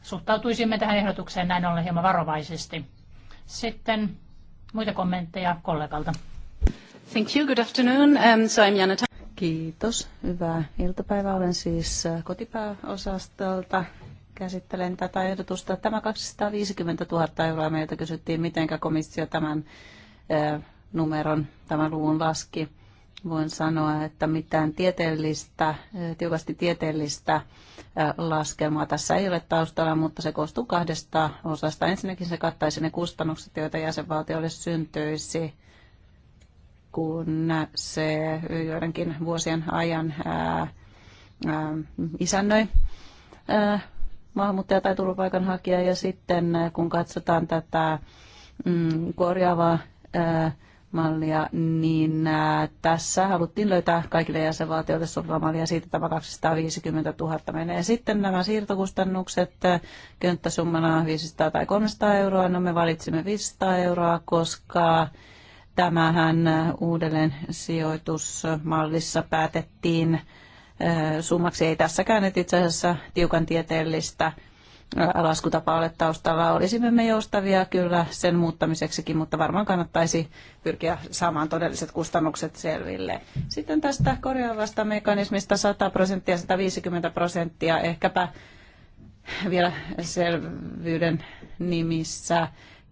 Suhtautuisimme tähän ehdotukseen näin ollen hieman varovaisesti. Sitten muita kommentteja kollegalta. Thank you. Good afternoon. Um, so I'm Jana Kiitos. Hyvää iltapäivää. Olen siis kotipääosastolta. Käsittelen tätä ehdotusta. Tämä 250 000 euroa meiltä kysyttiin, miten komissio tämän numeron, tämän luvun laski. Voin sanoa, että mitään tieteellistä, tiukasti tieteellistä laskelmaa tässä ei ole taustalla, mutta se koostuu kahdesta osasta. Ensinnäkin se kattaisi ne kustannukset, joita jäsenvaltiolle syntyisi kun se joidenkin vuosien ajan ää, ää, isännöi ää, maahanmuuttaja- tai turvapaikanhakija. Ja sitten kun katsotaan tätä mm, korjaavaa ää, mallia, niin ää, tässä haluttiin löytää kaikille jäsenvaltioille sopiva malli ja siitä tämä 250 000 menee. Sitten nämä siirtokustannukset könttäsummana 500 tai 300 euroa, no me valitsimme 500 euroa, koska Tämähän äh, uudelleen sijoitusmallissa päätettiin äh, summaksi. Ei tässäkään nyt itse asiassa tiukan tieteellistä äh, laskutapaa ole taustalla. Olisimme me joustavia kyllä sen muuttamiseksikin, mutta varmaan kannattaisi pyrkiä saamaan todelliset kustannukset selville. Sitten tästä korjaavasta mekanismista 100 prosenttia, 150 prosenttia, ehkäpä vielä selvyyden nimissä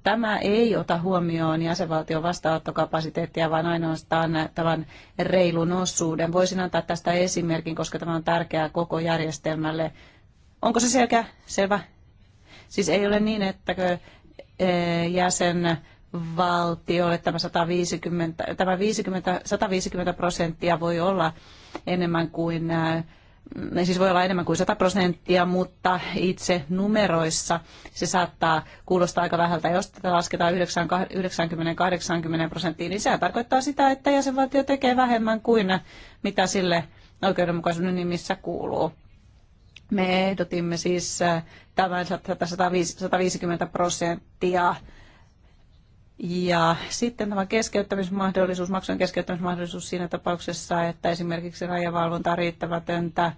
Tämä ei ota huomioon jäsenvaltion vastaanottokapasiteettia, vaan ainoastaan tämän reilun osuuden. Voisin antaa tästä esimerkin, koska tämä on tärkeää koko järjestelmälle. Onko se selkeä? Selvä. Siis ei ole niin, että eh, jäsen valtiolle tämä 150, tämä 50, 150 prosenttia voi olla enemmän kuin eh, ne siis voi olla enemmän kuin 100 prosenttia, mutta itse numeroissa se saattaa kuulostaa aika vähältä. Jos tätä lasketaan 90-80 prosenttiin, niin se tarkoittaa sitä, että jäsenvaltio tekee vähemmän kuin mitä sille oikeudenmukaisuuden nimissä kuuluu. Me ehdotimme siis äh, tämän 150 prosenttia ja sitten tämä keskeyttämismahdollisuus, maksujen keskeyttämismahdollisuus siinä tapauksessa, että esimerkiksi rajavalvonta on riittämätöntä.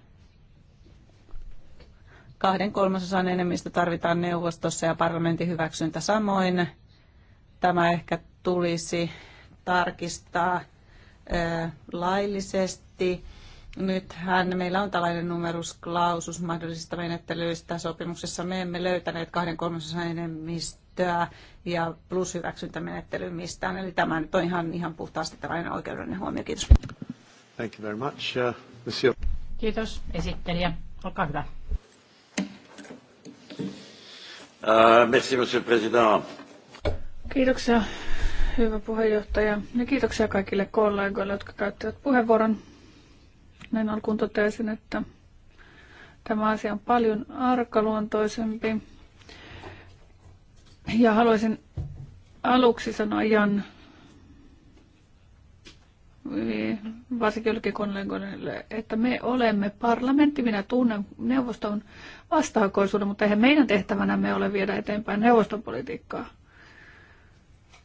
Kahden kolmasosan enemmistö tarvitaan neuvostossa ja parlamentin hyväksyntä samoin. Tämä ehkä tulisi tarkistaa laillisesti Nythän meillä on tällainen numerusklausus mahdollisista menettelyistä. Sopimuksessa me emme löytäneet kahden kolmasosan enemmistöä ja plushyväksyntämenettely mistään. Eli tämä nyt on ihan, ihan puhtaasti tällainen oikeudellinen huomio. Kiitos. Thank you very much, uh, monsieur. Kiitos esittelijä. Olkaa hyvä. Uh, merci, monsieur président. Kiitoksia, hyvä puheenjohtaja. Ja kiitoksia kaikille kollegoille, jotka käyttivät puheenvuoron. Näin alkuun totesin, että tämä asia on paljon arkaluontoisempi. Ja haluaisin aluksi sanoa Jan, varsinkin kollegoille, että me olemme parlamentti, minä tunnen neuvoston vastahakoisuuden, mutta eihän meidän tehtävänä me ole viedä eteenpäin neuvoston politiikkaa.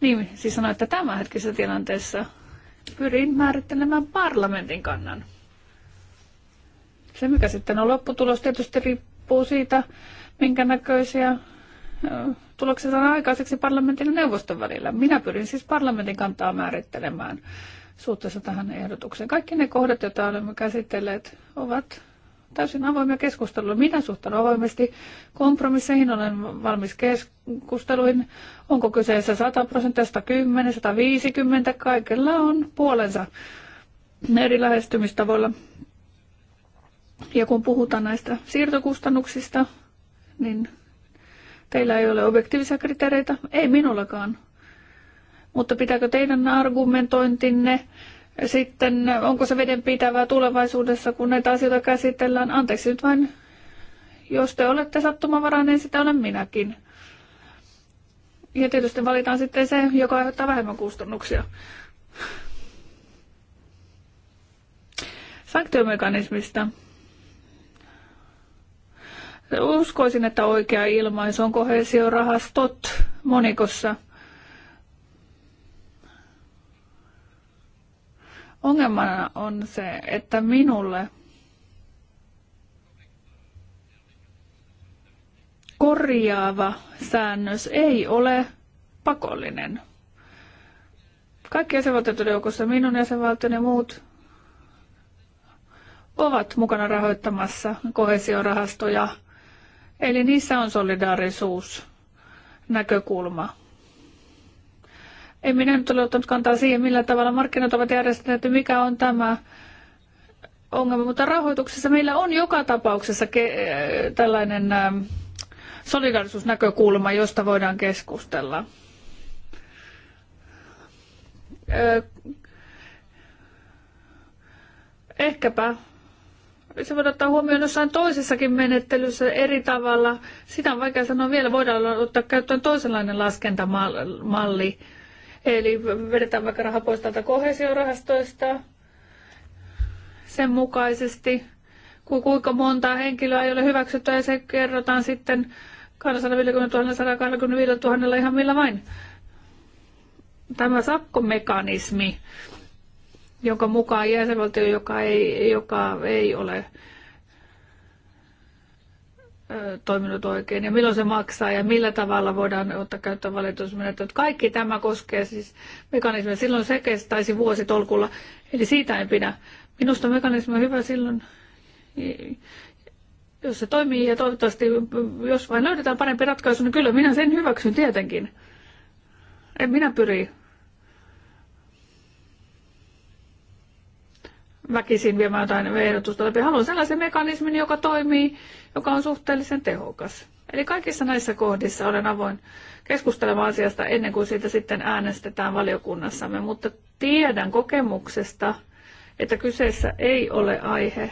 Niin, siis sanoin, että tämänhetkisessä tilanteessa pyrin määrittelemään parlamentin kannan. Se, mikä sitten on lopputulos, tietysti riippuu siitä, minkä näköisiä tulokset on aikaiseksi parlamentin ja neuvoston välillä. Minä pyrin siis parlamentin kantaa määrittelemään suhteessa tähän ehdotukseen. Kaikki ne kohdat, joita olemme käsitelleet, ovat täysin avoimia keskustelulle. Minä suhtaudun avoimesti kompromisseihin, olen valmis keskusteluihin. Onko kyseessä 100 prosenttia, 110, 150, kaikella on puolensa eri lähestymistavoilla. Ja kun puhutaan näistä siirtokustannuksista, niin teillä ei ole objektiivisia kriteereitä, ei minullakaan. Mutta pitääkö teidän argumentointinne sitten, onko se vedenpitävää tulevaisuudessa, kun näitä asioita käsitellään? Anteeksi nyt vain, jos te olette sattumavarainen, sitä olen minäkin. Ja tietysti valitaan sitten se, joka aiheuttaa vähemmän kustannuksia. Sanktiomekanismista. Uskoisin, että oikea ilmaisu on kohesiorahastot monikossa. Ongelmana on se, että minulle korjaava säännös ei ole pakollinen. Kaikki jäsenvaltioiden joukossa minun jäsenvaltioni ja muut ovat mukana rahoittamassa kohesiorahastoja Eli niissä on solidaarisuus näkökulma. En minä nyt ole ottanut kantaa siihen, millä tavalla markkinat ovat järjestäneet että mikä on tämä ongelma, mutta rahoituksessa meillä on joka tapauksessa tällainen ähm, solidaarisuusnäkökulma, josta voidaan keskustella. Äh, ehkäpä se voidaan ottaa huomioon jossain toisessakin menettelyssä eri tavalla. Sitä on vaikea sanoa vielä. Voidaan ottaa käyttöön toisenlainen laskentamalli. Eli vedetään vaikka raha pois täältä kohesiorahastoista sen mukaisesti, kuinka monta henkilöä ei ole hyväksytty ja se kerrotaan sitten 250 000, 125 000 ihan millä vain. Tämä sakkomekanismi jonka mukaan jäsenvaltio, joka ei, joka ei ole toiminut oikein ja milloin se maksaa ja millä tavalla voidaan ottaa käyttöön valitusmenettelyt. Kaikki tämä koskee siis mekanismia. Silloin se kestäisi vuositolkulla, eli siitä en pidä. Minusta mekanismi on hyvä silloin, jos se toimii ja toivottavasti, jos vain löydetään parempi ratkaisu, niin kyllä minä sen hyväksyn tietenkin. En minä pyri väkisin viemään jotain ehdotusta läpi. Haluan sellaisen mekanismin, joka toimii, joka on suhteellisen tehokas. Eli kaikissa näissä kohdissa olen avoin keskustelemaan asiasta ennen kuin siitä sitten äänestetään valiokunnassamme, mutta tiedän kokemuksesta, että kyseessä ei ole aihe,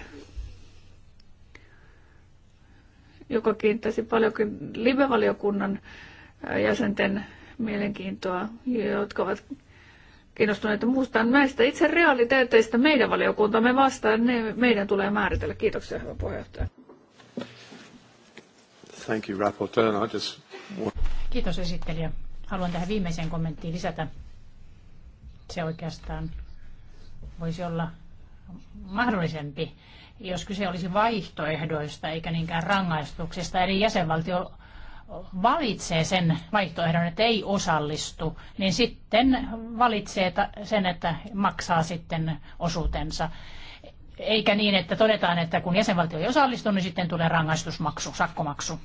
joka kiinnittäisi paljonkin live-valiokunnan jäsenten mielenkiintoa, jotka ovat kiinnostuneita muusta näistä itse realiteeteista meidän valiokuntamme vastaan, ne meidän tulee määritellä. Kiitoksia, hyvä puheenjohtaja. Thank you, Rapporteur. I just... Kiitos esittelijä. Haluan tähän viimeiseen kommenttiin lisätä. Se oikeastaan voisi olla mahdollisempi, jos kyse olisi vaihtoehdoista eikä niinkään rangaistuksesta. Eli jäsenvaltio valitsee sen vaihtoehdon, että ei osallistu, niin sitten valitsee sen, että maksaa sitten osuutensa. Eikä niin, että todetaan, että kun jäsenvaltio ei osallistu, niin sitten tulee rangaistusmaksu, sakkomaksu.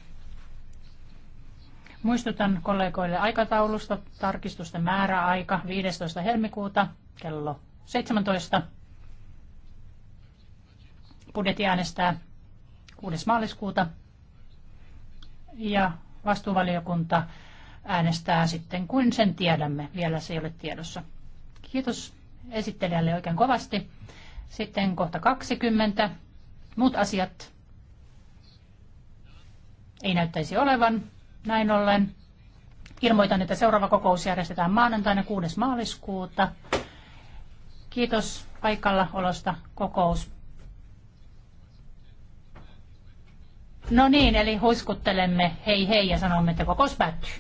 Muistutan kollegoille aikataulusta. Tarkistusten määräaika 15. helmikuuta kello 17. Budjetti äänestää 6. maaliskuuta ja vastuuvaliokunta äänestää sitten, kun sen tiedämme. Vielä se ei ole tiedossa. Kiitos esittelijälle oikein kovasti. Sitten kohta 20. Muut asiat ei näyttäisi olevan. Näin ollen ilmoitan, että seuraava kokous järjestetään maanantaina 6. maaliskuuta. Kiitos paikalla olosta kokous No niin, eli huiskuttelemme hei hei ja sanomme, että kokos päättyy.